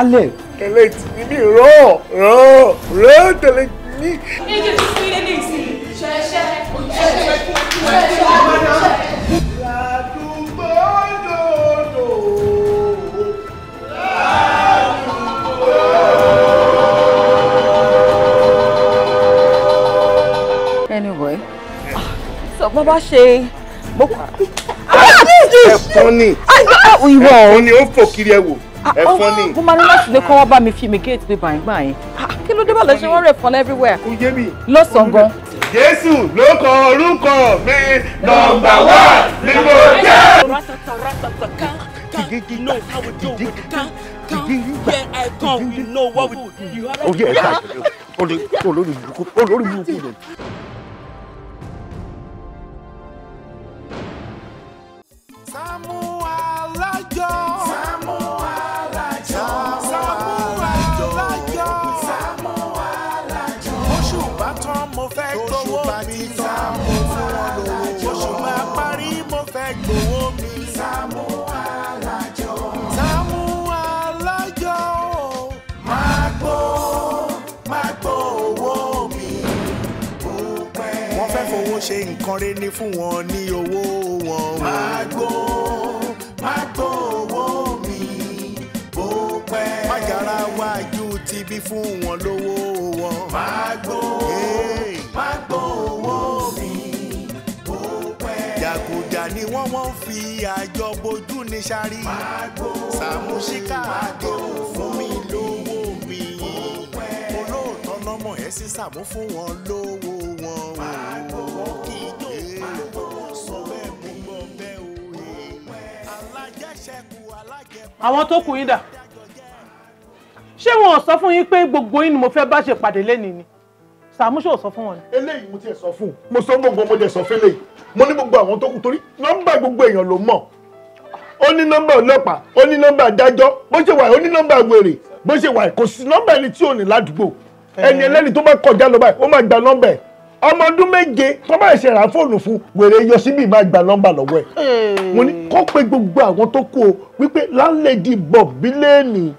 dálẹ̀. tẹ̀lé tìbí mi rọ̀ rọ̀ rọ̀ tẹ̀lé mi. ẹjẹ ti fi ilé ìsìn ṣẹṣẹ ojúṣe ṣẹṣẹ ọmọdé. ládùúgbò dòdò ládùúgbò. anyway sọ bọ́ bá ṣe mo. ẹ̀fọn ni ẹ̀fọn ni ó fò kiri ẹ̀ wò ẹ fún ni. mo máa ní láti lè kọ́ wọ́n bá mi fi mi géètì pé bàǹgbà yẹn kí ló dé bá lọ ṣe wọ́n rẹ̀ fọ́n everywhere. kò yé mi. lọ́sàn-án gan. jésù ló kọ orúkọ mi nọ́mbà wá ni mo jẹ́. Oh yeah, exactly. Olórí burúkú, olórí burúkú. fowó ṣe nǹkan rẹ ní fún wọn ní owó wọn. Magbo magbo owó mi bó pẹ́. Májàra wájú ti bí fún wọn lówó wọn. Magbo magbo owó mi bó pẹ́. Jàgùjà ni wọ́n wọ́n fi àjọ bojú ní sáré. Magbo Sàmúsíkà àdó fún mi lówó mi. Olóòótọ́ ẹ̀ sísàmú fún wọn lówó wọn. àwọn tó kù yín dà ṣé wọn ò sọ fún yín pé gbogbo yín ni mo fẹ́ bá ṣe pàdé lẹ́nìí ni Sàámú ṣe ò sọ fún wọn ni. eléyìí mo tiẹ̀ sọ fún un mo sọ gbogbo mo dẹ̀ sọ fún eléyìí mo ní gbogbo àwọn tó kù torí nọ́mbà gbogbo èèyàn ló mọ̀ ó ní nọ́mbà ọlọ́pàá ó ní nọ́mbà adájọ́ bó ṣe wà ó ní nọ́mbà wèrè bó ṣe wà kò sí nọ́mbà ẹni tí ò ní ládùúgbò ẹni ẹlẹ́ni tó bá kọjá lọ báyìí ó máa gba nọ́mbà ẹ̀ ọmọ ọdún méje tó bá ṣe ra fóònù fún wèrè yọ síbi máa gba nọ́mbà lọ́wọ́ ẹ̀ hmm. mo ní kó pe gbogbo àwọn tó kú o wípé láńlẹ́dì bob bílẹ́ẹ̀nì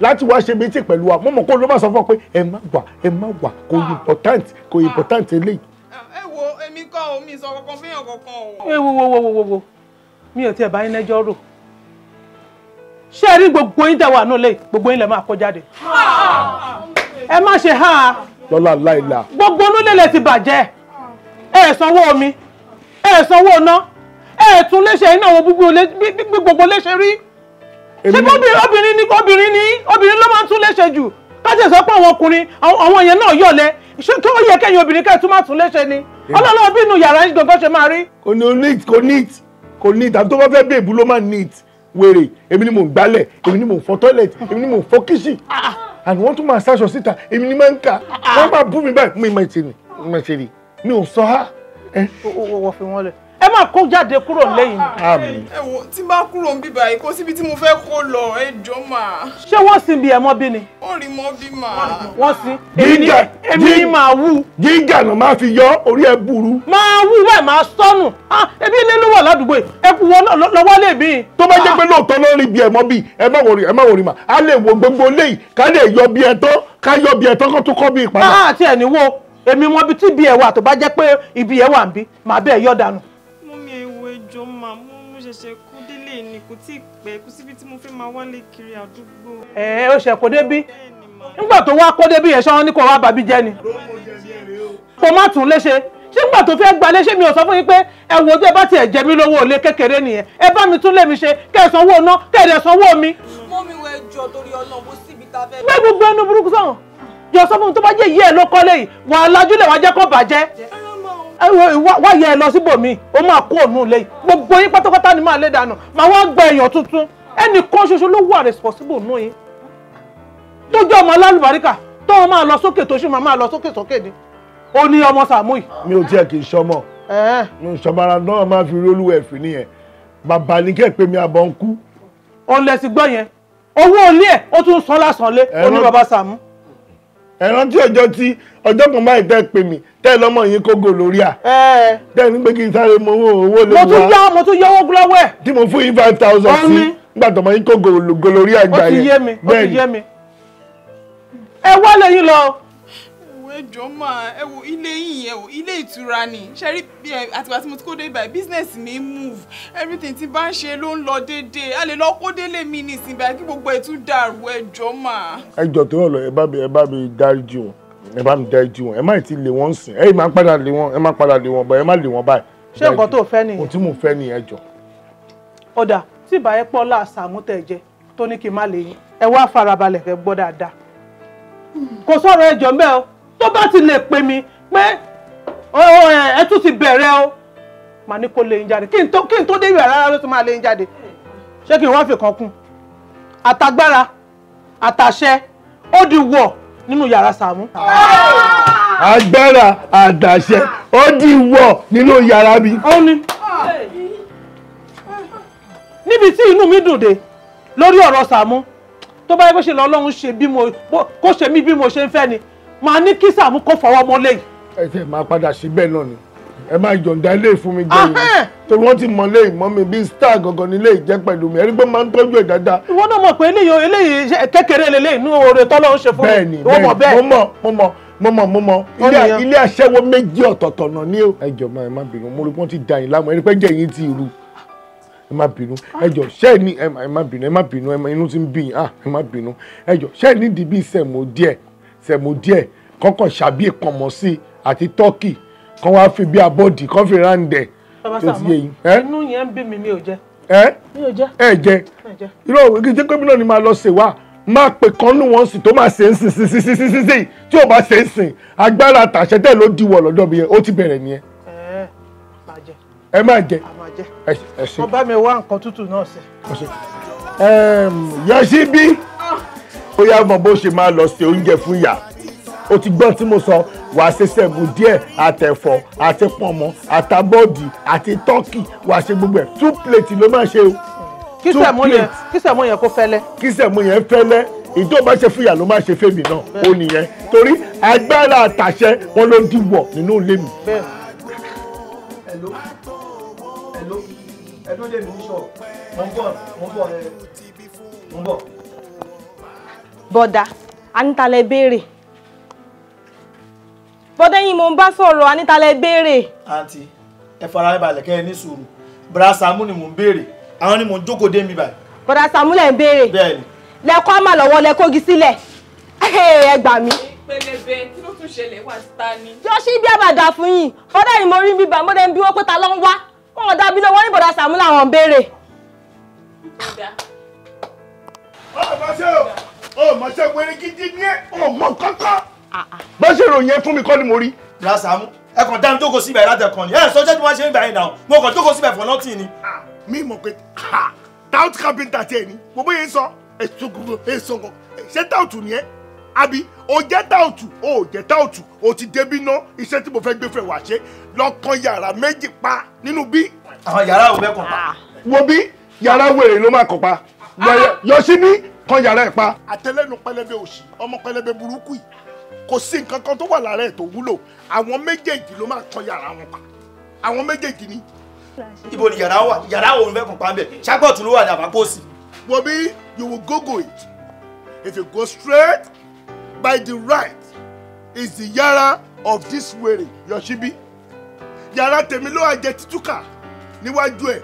láti wá ṣe méjì pẹ̀lú wa mo mọ̀ kó ló má sọ fún ọ pé ẹ má wà ẹ má wà kò ah. important kò ah. important eléyìí. Ah, ẹ wo èmi kọ́ omi ìsọ kankan fẹ́yàn kankan o. ẹ eh, wo wo wo wo wo mi ò tiẹ̀ bá yín lẹ́jọ́ rò ṣé ẹ rí gbogbo yín tẹ̀ wà nílé gbogbo yín lè máa kó jáde ẹ má ṣe hàn án lọ́la láìla. gbogbo onílẹ̀lẹ̀ ti bàjẹ́ ẹ̀ sanwó omi ẹ̀ sanwó iná ẹ̀ tún léṣe iná àwọn gbogbo léṣe rí. ṣé obìnrin ni obìnrin ni obìnrin ló máa ń tún léṣe jù káṣí sọ pé àwọn ọkùnrin àwọn èèyàn náà yọ̀lẹ̀ ṣé tó yẹ kẹ́yìn obìnrin kẹ́ẹ̀ tún máa tún léṣe ni ọlọ́lọ́wọ́ bí inú yàrá gbọ̀ngàn ṣe máa rí. kò ní neat kò neat kò neat àti tó bá fẹ́ bèbú ló máa neat wèrè èmi ni mò ń gbálẹ̀ èmi ni mò ń fọ tọ́lẹ̀tì èmi ni mò ń fọ kíṣì. Ah, ah and wọ́n tún máa ṣaṣọ síta èmi ni máa ń kà ah, ah. wọ́n máa bú mi báyìí mi máa ṣe ni mi ò sọ á. wọ́n fi wọ́n lẹ̀ ẹ máa kó jáde kúrò lẹ́yìn. ẹ wo tí bá kúrò ń bíbá yìí kó síbi tí mo fẹ́ kó lọ ẹ jọ máa. ṣé wọ́n sin bí ẹ mọ́ bí ni. wọ́n rí mọ́ bí màá. wọ́n sin èmi ni màá wú. gíga náà máa fi yọ orí ẹ burú. máa wú bẹ́ẹ̀ máa sọnù ebi ilé ló wà ládùúgbò yìí ẹ kú lọ́wọ́ lè mí. tó bá jẹ́ pé lóòótọ́ ló rí bí ẹ mọ́ bí ẹ má wòrí ẹ má wòrí mà á lè wo gbogbo léyìí ká lè yọ bí ẹ tán ká yọ bí ẹ èmi mọ ibi tí ibi ẹ̀ wà tó bá jẹ́ pé ibi ẹ̀ wà ń bí màá bẹ́ẹ̀ yọ̀ dànù jọ máa mú mú ṣẹ̀ṣẹ̀ kú délé ni kò tí ì pẹ́ kú síbi tí mo fẹ́ máa wálé kiri àdúgbò. ẹ ẹ ó ṣe kó débí nígbà tó wá kó débí yẹn ṣé wọn ní kó wá bàbí jẹ ni. kó má tún léṣe ṣé nígbà tó fẹ́ gba léṣe mi ò sọ fún yín pé ẹ wo tó ẹ bá tiẹ̀ jẹ mí lówó òlé kékeré nìyẹn ẹ bá mi tún lé mi ṣe kẹ́ ẹ sanwó ná kẹ́ ẹ dẹ̀ sanwó mi. mọ́ mi wẹ jọ torí ọ̀nà mo síbi ta fẹ́. gbẹ́gbẹ́ gbẹ́nu burúkú sọ̀rọ̀ wá yẹ ẹ lọ síbòmí ó máa kó òun lẹ́yìn gbogbo yín pátápátá ni máa lé dànù màá wá gba èèyàn tuntun ẹnìkan ṣoṣo ló wà responsible nù yín tó jẹ́ ọmọ alálùbáríkà tó wọn máa lọ sókè tó ṣì máa máa lọ sókè sókè ni ó ní ọmọ Sàámú yìí. mi ò tiẹ̀ kì í ṣọmọ mi ò ṣọmọra náà máa fi rólúwẹ̀ fún nìyẹn bàbá ní kẹ́ pé mi àbọ̀ ń kú. ọ̀lẹ́sìn gbọ́ yẹn owó ilé ẹ̀ ó tún san lásán lé ó ní ẹran tí ọjọ́ tí ọjọ́ kan báyìí tẹ́ pè mí tẹ́ lọ́mọ yín kógo lórí à. tẹ́ ní pé kí n sáré mo owó owó lè wá. mo tún yá mo tún yọwọ́ gúlọ́wọ́ ẹ̀. tí mo fún yín five thousand sí nígbà tọmọ yín kógo lórí àgbà yẹn. ó ti yé mi ó ti yé mi. ẹ wá lẹ́yìn lọ ẹjọ́ máa ẹ wo ilé yìí ẹ wo ilé ìtura ni ṣẹ́rí àtìgbà tí mo ti kó dé ibà business mi move everything tí bá ń ṣe ló ń lọ déédéé a lè lọ kó délé mi ní ìsìn báyìí kí gbogbo ẹ̀ tún dàrú ẹjọ́ máa. ẹjọ́ tó rọ̀ lọ ẹ bá mi ẹ bá mi dáríjì wọn ẹ bá mi dáríjì wọn ẹ má ti lé wọn sìn ẹ má padà lé wọn ẹ má padà lé wọn bọ ẹ má lé wọn báyìí. ṣé nǹkan tó fẹ́ nìyẹn. ohun tí mo fẹ́ nìyẹn jọ. ọ̀dà tí ìbáyẹ̀ kò sọ̀rọ̀ ẹjọ́ mbẹ́ o tó bá ti lè pè mí pé ẹ tún ti bẹ̀rẹ̀ o màá ní kó lè ń jáde kí n tó débi àrárá ló ti máa lè ń jáde ṣé kí n wá fi kan kún àtagbára àtàṣẹ ó di wọ̀ nínú yàrá Sàámú. agbára àtàṣẹ ó di wọ̀ nínú yàrá mi. ó ní níbi tí inú mi dùn dé lórí ọ̀rọ̀ Sàámú tó bá yẹ kó ṣe lọ́lọ́run ṣe bí mo kó ṣe mí bí mo ṣe ń fẹ́ ni màá ní kí Sàámú kó fọwọ́ mọ́ lẹ́yìn. ẹ tẹ máa padà sí bẹ́ẹ̀ náà ni ẹ máa yọ̀ǹda ilé fún mi jẹ́ yìí torí wọ́n ti mọ ilé ìmọ̀ mi bíi star gangan ní ilé ìjẹ́ pẹ̀lú mi ẹni pé máa ń tọ́jú ẹ̀ dáadáa. ìwọ náà mọ̀ pé eléyìí eléyìí kékeré lélẹ̀ inú oore tọ́lọ́ ń ṣe fún mi. bẹ́ẹ̀ni bẹ́ẹ̀ni mo mọ̀ mo mọ̀ mo mọ̀ mo mọ̀ ilé aṣẹ́wó méjì ọ̀tọ̀ọ̀tọ̀ náà ní. ẹ jọ máa má bínú mo rí wọn ti da yín láàmú ẹni pé jẹyìn ti rú ẹ má bínú ẹ jọ ṣẹ ní ẹ má bínú ẹ má bínú inú ti ń bì yín ah, ẹ má bínú ẹ jọ ṣẹ ní dìbí ìsẹ̀mú díẹ̀ sẹ̀mó díẹ̀ kọ́kàn ṣàbí ìpọ̀nmọ́ sí àti tọ́kì kan wá fi bí abọ́dì kan fi ráǹdẹ̀ tó ti yé yín. inú yẹn ń bí mi mi ò jẹ. ẹ ẹ jẹ irú òwe kí jẹ́ gómìnà ni máa lọ ṣèwà máa pè kan nù wọ́n sì tó máa ṣe ń sìn sìn sìn sìn sìn sìn tí ò bá ṣe ń sìn agbára tàṣẹ tẹ̀ ló diwọ̀ lọ́dọ̀ mi yẹn ó ti bẹ̀rẹ̀ nìyẹn. ẹ má jẹ ẹ ṣe. ọba mi wá nǹkan tútù náà ṣe. yọ sí bí ó yá mọ bó ṣe máa lọ ṣe oúnjẹ fún ìyá o ti gbọ́n tí mo sọ wàá ṣe sẹ́gun díẹ̀ àtẹ̀fọ́ àti pọ̀nmọ́ àtàbọ́ọ̀dì àti tọ́kì wàá ṣe gbogbo ẹ̀ two plate ló máa ṣe o. kí sẹ̀mú yẹn kí sẹ̀mú yẹn kó fẹ́lẹ́. kí sẹ̀mú yẹn fẹ́lẹ́ ìjọ bá ṣe fìyà ló máa ṣe fèmí náà ó nìyẹn torí agbára àtàṣẹ wọn ló dìbò nínú ilé mi. hello hello hello lèmi ń sọ mo ń bọ̀ mo ń bọ̀ eh, mo ń bọ̀ bọ́dà anítalẹ̀ béèrè bọ́dà yìí mo ń bá sọ̀rọ̀ anítalẹ̀ béèrè. àǹtí ẹ fara balẹ̀ kẹ́ ẹ ní sùúrù bra Sàámú ni mò ń béèrè àwọn ni mò ń jókòó dé mi báyìí. bọ́dà Sàámú lẹ̀ ń béèrè bẹ́ẹ̀ni lẹ́kọ́ àmà lọ́wọ́ lẹ́kọ́gi sílẹ̀ ẹ gbà mí. pẹlẹbẹ kí ló tún ṣẹlẹ̀ wá síta ni. yọ sí bí àbàdà fún yìí bọ́dà yìí mo rí bíbá mo dẹ̀ ń bí wọ́n pé ta ló ń wá wọn dàbí lọ́wọ́ ní bọ́dà Sàámú làwọn ń béèrè. ọ̀pọ̀ ṣe o o mọ ṣe péré gidi ní ẹ o mọ kankan. Ah, ah. bá ṣe ròyìn ẹ fún mi kọ́ ni mo rí. ra Sàámú ẹ kàn dáhùn jókòó síbẹ̀ látẹ̀ kan ni ẹ sọ jẹ́ tí wọ́n ṣe ń gbà yín dà mo kàn jókòó síbẹ̀ for nothing ni. Ah, mi mọ̀ pé táwọn kábíntà tiẹ̀ ni mo bóyá ń sọ èso gbogbo èso gbogbo ṣé táwọn ni ẹ àbí o jẹ́ táòtù o jẹ́ táòtù o ti débi ná iṣẹ́ tí mo fẹ́ gbé fẹ́ wá ṣe lọ́kàn yàrá méjì pa nínú bí. àwọn yàrá ò bẹ́ẹ̀ kàn pa. wo bí yàrá wèrè ló máa kàn pa yọ sí bí kán yàrá ẹ̀ pa. àtẹlẹnu pẹlẹbẹ òsì ọmọ pẹlẹbẹ burúkú yìí kò sí nǹkan kan tó wà lára ẹ̀ tó wúlò àwọn méjèèjì ló máa kán yàrá wọn pa àwọn méjèèjì ni. ibo ni yàrá wà yàrá wo ni mẹ́kùn pàmbẹ́ ṣàgbọ̀tún ló wà ní àbápọ̀sì. wo bí you will google it if you go straight by the right is the yàrá of this were yoshibi yàrá tèmi ló wà jẹ títúkà níwájú ẹ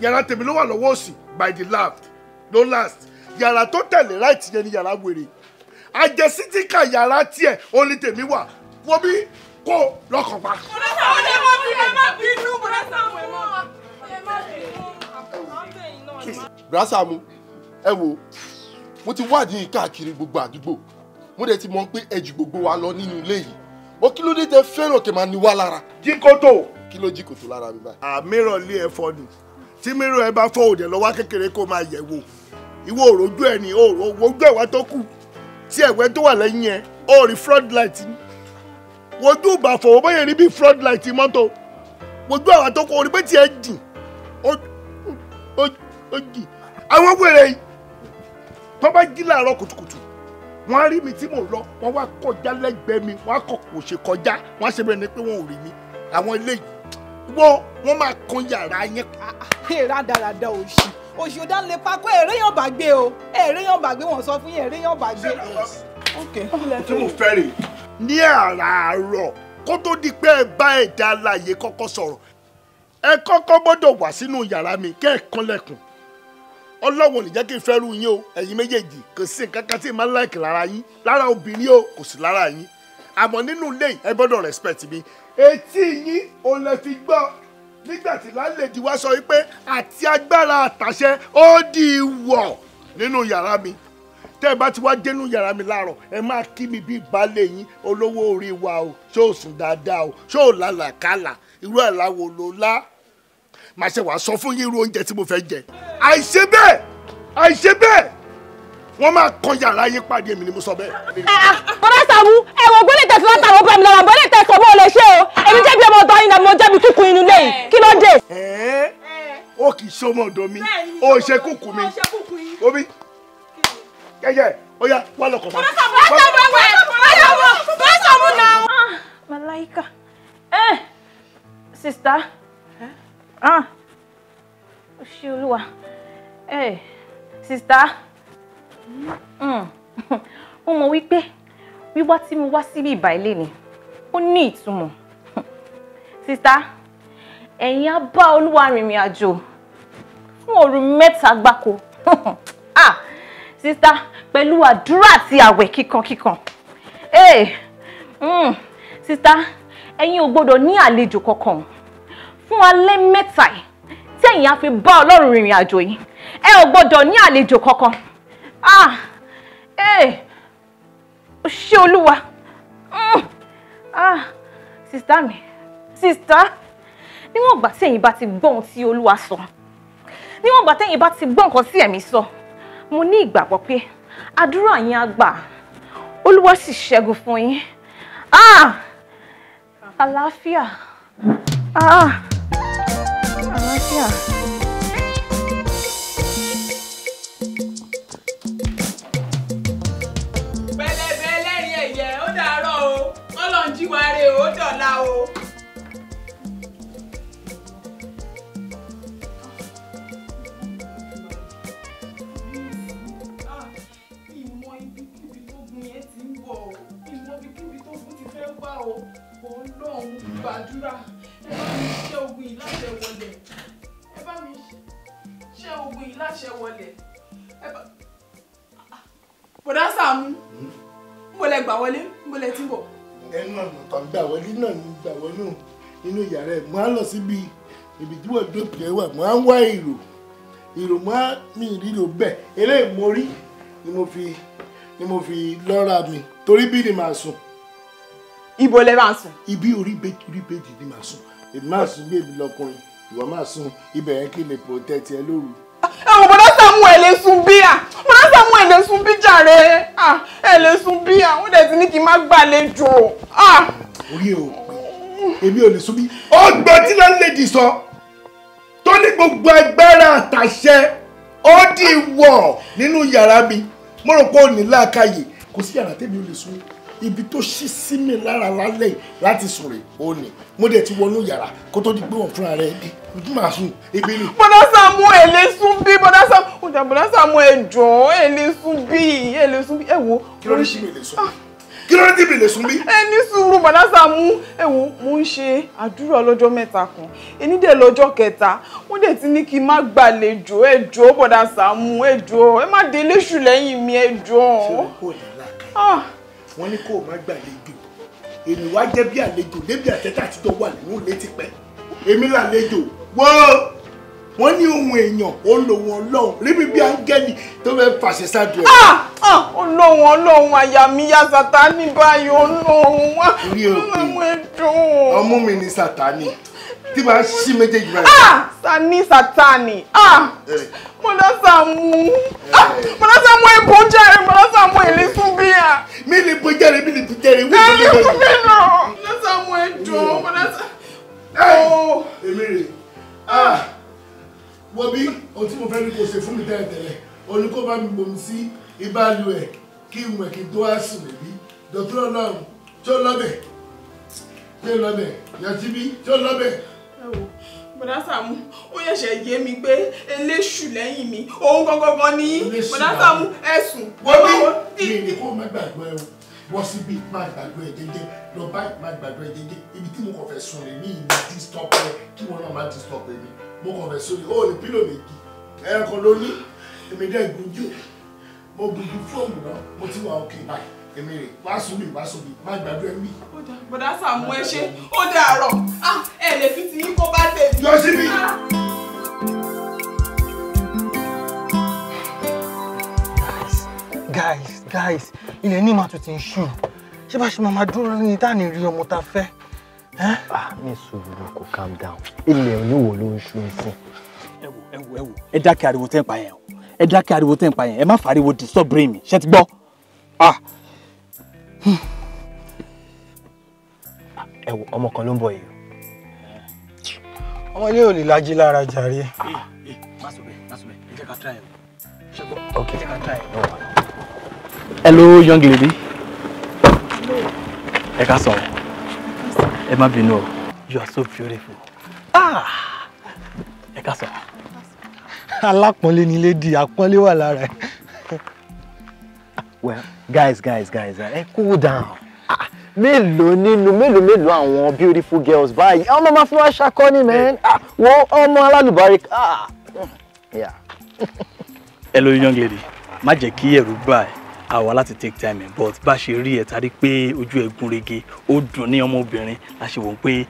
yàrá tèmi ló wà lọ́wọ́ òsì by the left no last yàrá tó tẹ̀lé right yẹn ni yàrá wèrè àjẹsítíkà yàrá tiẹ̀ ó ní tèmi wà wọ́n bí kó lọ́kàn pa. bùrẹ́ sáwọn ẹ má bínú ẹ má bínú bùrẹ́ sáwọn ẹ má bínú. brasa wo mo ti wádìí káàkiri gbogbo àdúgbò mo dẹ̀ ti mọ̀ pé ẹ gbogbo wa lọ nínú ilé yìí ó kí ló dé tẹ fẹ́ràn kí máa ní wá lára. jíkòtò. kí ló jíkòtò lára mi báyìí. àmíràn lé ẹ̀fọ́ ni tí míràn ẹ bá fọ́ òde lọ́wọ́ kékeré kó máa yẹ̀ wò ìwọ òròjú ẹ ní òròjú ẹwà tó kù tí ẹ̀wẹ́ tó wà lẹ́yìn ẹ ó rí floodlight ni wojú ìbàfọ̀ wọ́n bẹ́yẹn rí bí floodlight mọ́tò wojú àwa tó kọ orí pé tiẹ̀ jìn ó jìn àwọn wèrè yìí tó bá jí làárọ̀ kùtùkùtù wọ́n á rí mi tí mò ń lọ wọ́n wá kọjá lẹ́gbẹ̀ẹ́ mi wọ́n á kọ̀ kò ṣe kọjá wọ́n á ṣe bẹ́ẹ̀ ni pé wọ́n ò rí mi àwọn eléyìí wo wọ́n máa kan yàrá yẹn. èrà ah, ah, dáradá òṣì òṣì ò dánilẹ̀ pakọ́ èrè yàn bá gbé o èrè yàn bá gbé wọ́n sọ fún yín èrè yàn bá gbé. ok tí ah, mo fẹ́ rè ní àràárọ̀ kó tó di pé ẹ bá ẹ̀dá alààyè kọ́kọ́ sọ̀rọ̀ ẹ kọ́kọ́ gbọ́dọ̀ wá sínú yàrá mi kẹ́ ẹ̀ kanlẹ̀kùn ọlọ́wọ́ ní jẹ́ kí n fẹ́ yín o ẹ̀yin méjèèjì kò sí nǹkan kan tí ì máa ń láìkì lára yín lára obìnrin o kò sí lára yín àmọ́ nínú ilé ẹ gbọ́dọ̀ respect mi etí yín ò lè fi gbọ́ nígbà tí lálejò wá sọ wípé àti agbára àtàṣe ó di wọ̀ nínú yàrá mi tẹ́ ẹ bá ti wá dénú yàrá mi láàárọ̀ ẹ máa kí mi bí baálé yín olówó orí wa o ṣé ò sùn dáadáa o ṣé ò lálàkàlà irú ẹ̀ láwo ló lá màá ṣe wàá sọ fún yín irú oúnjẹ tí mo fẹ́ jẹ àìṣe bẹ́ẹ̀ àìṣe bẹ́ẹ̀ wọ́n máa kan yàrá yín pàdé èmi ni mo sọ bẹ́ẹ̀. bàbá Sàámú ẹ wo gbọ́dọ̀ tẹ̀sí láta àwọn bàmí lára bọ́dọ̀ tẹ̀sí ọmọ ò lè ṣe o èmi jẹ́bi ọmọ ọ̀dọ́ yín náà mo jẹ́bi kúkú inú lẹ́yìn kí ló dé. ó kì í ṣe ọmọ ọ̀dọ́ mi ó ṣe kúkú mi omi kẹyẹ ó yá wà lọkọ bá. Malaika eh sista ah ó ṣe olúwa eh sista. Mm. mo mọ̀ wípé wíwá tí mo wá síbi ìbà ilé ni ó ní ìtumọ̀ sista ẹ̀yin á bá olúwa rìnrìn àjò fún òru mẹ́ta gbáko ah sista pẹ̀lú àdúrà àti àwẹ̀ kíkankíkan eh mm sista ẹ̀yin ò gbọ́dọ̀ ní àlejò kankan fún alẹ́ mẹ́ta yìí tẹ̀yin á fi bá ọlọ́run rìnrìn àjò yìí ẹ ò gbọ́dọ̀ ní àlejò kankan ah eh, o ṣé olúwa mm. ah sister mi sister, níwọ̀n ìgbà tí ẹ̀yin bá ti gbọ́ ohun tí olúwa sọ níwọ̀n ìgbà tẹ́yin bá ti gbọ́ nǹkan tí ẹ̀mí sọ mo ní ìgbàgbọ́ pé àdúrà yín á gbà olúwa sì ṣẹ́gun fún yín ah àlàáfíà ah àlàáfíà. rẹ̀ mo á lọ síbi ibi tí wọ́n dókè wà mo á ń wá ìrò ìrò mo á mi ìrírò bẹ́ẹ̀ eléyìí mo rí ni mo fi ni mo fi lọ́ra mi torí bí ni màá sùn. ibo lẹ máa sùn. ibi orí bèjì orí bèjì ni màá sùn èmi máa sùn bí èmi lọkùnrin ìwọ máa sùn ibẹ̀ yẹn kí n lè protect ẹ lóru. àwọn ah, bọ́dá Samuel lè sun bíà bọ́dá Samuel lè sun bí jàre ah, ẹ lè sun bíà wọ́n dẹ̀ ti ní kí n má gbàlejò. Ah. orí o èmi ò lè sún bí. ọgbọ́n tí láńlẹ́dì sọ tó ní gbogbo agbára àtàṣẹ ó dì wọ̀ nínú yàrá mi mo rò pé ò ní láàkàyè kò sí yàrá tèmi ò lè sún ibi tó ṣí sí mi lára lálẹ́ láti sùn rè ó ní mo dẹ̀ ti wọnú yàrá kó tó di pé wọ́n fúnra rẹ̀ dé ojú màá sùn ebi ni. bọ́dá Sàámú èlé sún bí bọ́dá Sàámú ẹ̀jọ̀ èlé sún bí èlé sún bí ẹ̀wò. kí ló ní sí mi èlé sún bí kí ló dé tìbí lè sùn bí. ẹ ní sùúrù bàdásà mú ẹwọ mo ń ṣe àdúrà lọ́jọ́ mẹ́ta kan ẹni dẹ̀ lọ́jọ́ kẹta wọ́n dẹ̀ ti ní kí n má gbàlejò ẹ jọ̀ọ́ bàdásà mú ẹ má dé léṣù lẹ́yìn mi ẹ ṣé o kò ní láàkà ah. wọn ní kó o má gbàlejò èmi wá jẹ́ bí àlejò débi àtẹ́tà àtijọ́ wà nínú létí pẹ́ èmi làlejò wọ́ọ́ wọ́n ní ohun èèyàn olówó ọlọ́run ríbi bí áńgẹ́lì tó fẹ́ fàṣẹ sáàdù ẹ̀. Ah, ah, olóhùn olóhùn àyà mi ya sátani báyìí olóhùn wá nínú ẹ̀dùn. ọmú mi ni sátani tí màá ṣí méjèèjì rẹ. sani sátani mo lọ sàmú ah, eh. mo lọ sàmú èbó jẹrẹ mo lọ sàmú èlé fún bíyà. mi lè bó jẹrẹ mi lè bó jẹrẹ. ẹ eh, lè fún mi lọ mo lọ sàmú ẹ̀dùn mo lọ eh. oh wo bí ohun tí mo fẹ́ ní kò ṣe fún mi tẹ́lẹ̀tẹ́lẹ̀ oní kó bá mi bomi sí ìbálùwẹ̀ kí n wẹ̀ kí n tó wá sùn lẹ́bí dọ̀tún ọlọ́run tí ó lọ́bẹ̀ tí ó lọ́bẹ̀ yàtí bí tí ó lọ́bẹ̀. ẹ wo bọ̀dá Sàámú ó yẹ̀ṣẹ̀ yé mi pé eléṣù lẹ́yìn mi òun gangan ni bọ̀dá Sàámú ẹ̀sùn. wọ́n bí mi ni kó má gbàgbọ́ ẹ wọ́n sí bí má gbàgbọ́ ẹ jẹ́jẹ́ lọ bá má gbàgbọ́ ẹ jẹ́jẹ́ ibi tí mo kọ̀ fẹ́ sùn rè mí ìní disturb ẹ kí wọ́n náà má disturb ẹ mi mo kàn fẹ́ sórí ó ní pílò méjì ẹran ló ní èmi dẹ́ gbójú mo gbójú fóònù náà mo ti wà òkè báyìí èmi rè wá sóbì wá sóbì má gbàdúrà mi. ó dà bọ̀dá ẹ ṣe ó dàárọ̀ ah, ẹ lè fi ti yín kó bá tèmi. yọ síbi. Ah. guys guys ilẹ̀ ní màtún ti ń ṣù ṣé bá ṣe máa máa dúró ní táà ní rí ọmọ tá a fẹ́. Ah, ní sùúrù kò calm down ilẹ̀ oníwò ló ń ṣu fún. ẹ wò ẹ wò ẹ wò ẹ dákẹ́ ariwo tẹ́ ń pa yẹn o ẹ dákẹ́ ariwo tẹ́ ń pa yẹn ẹ má fariwo disturb brain mi ṣe ti gbọ́. Ah. ẹ wò ọmọ kan ló ń bọ̀ yìí ọmọ ilé ò lè lají lára jàre. Eh, eh, má sọ bẹ́ẹ̀ má sọ bẹ́ẹ̀ ẹ jẹ́ ká try ẹ̀ ṣe Okay. ẹ jẹ́ ká try ẹ̀ hello young lady ẹ ká sọ̀rọ̀. Emma má you are so beautiful ah ẹ ká sọ. alápọ̀nlé ni lady àpọ́nlé wà lára ẹ̀. well guys guys guys ẹ uh, eh, cool down ah, mélòó nínú mélòó mélòó àwọn beautiful girls báyìí ọmọ máa fún wa ṣàkọ́ni man eh. ah, wo Ah, yeah. hello young lady má jẹ́ kí ẹ̀rù bà àwa láti take time but bá ṣe rí ẹ tari pé ojú ẹ gún régé ó dùn ní ọmọbìnrin a ṣe wò ó pé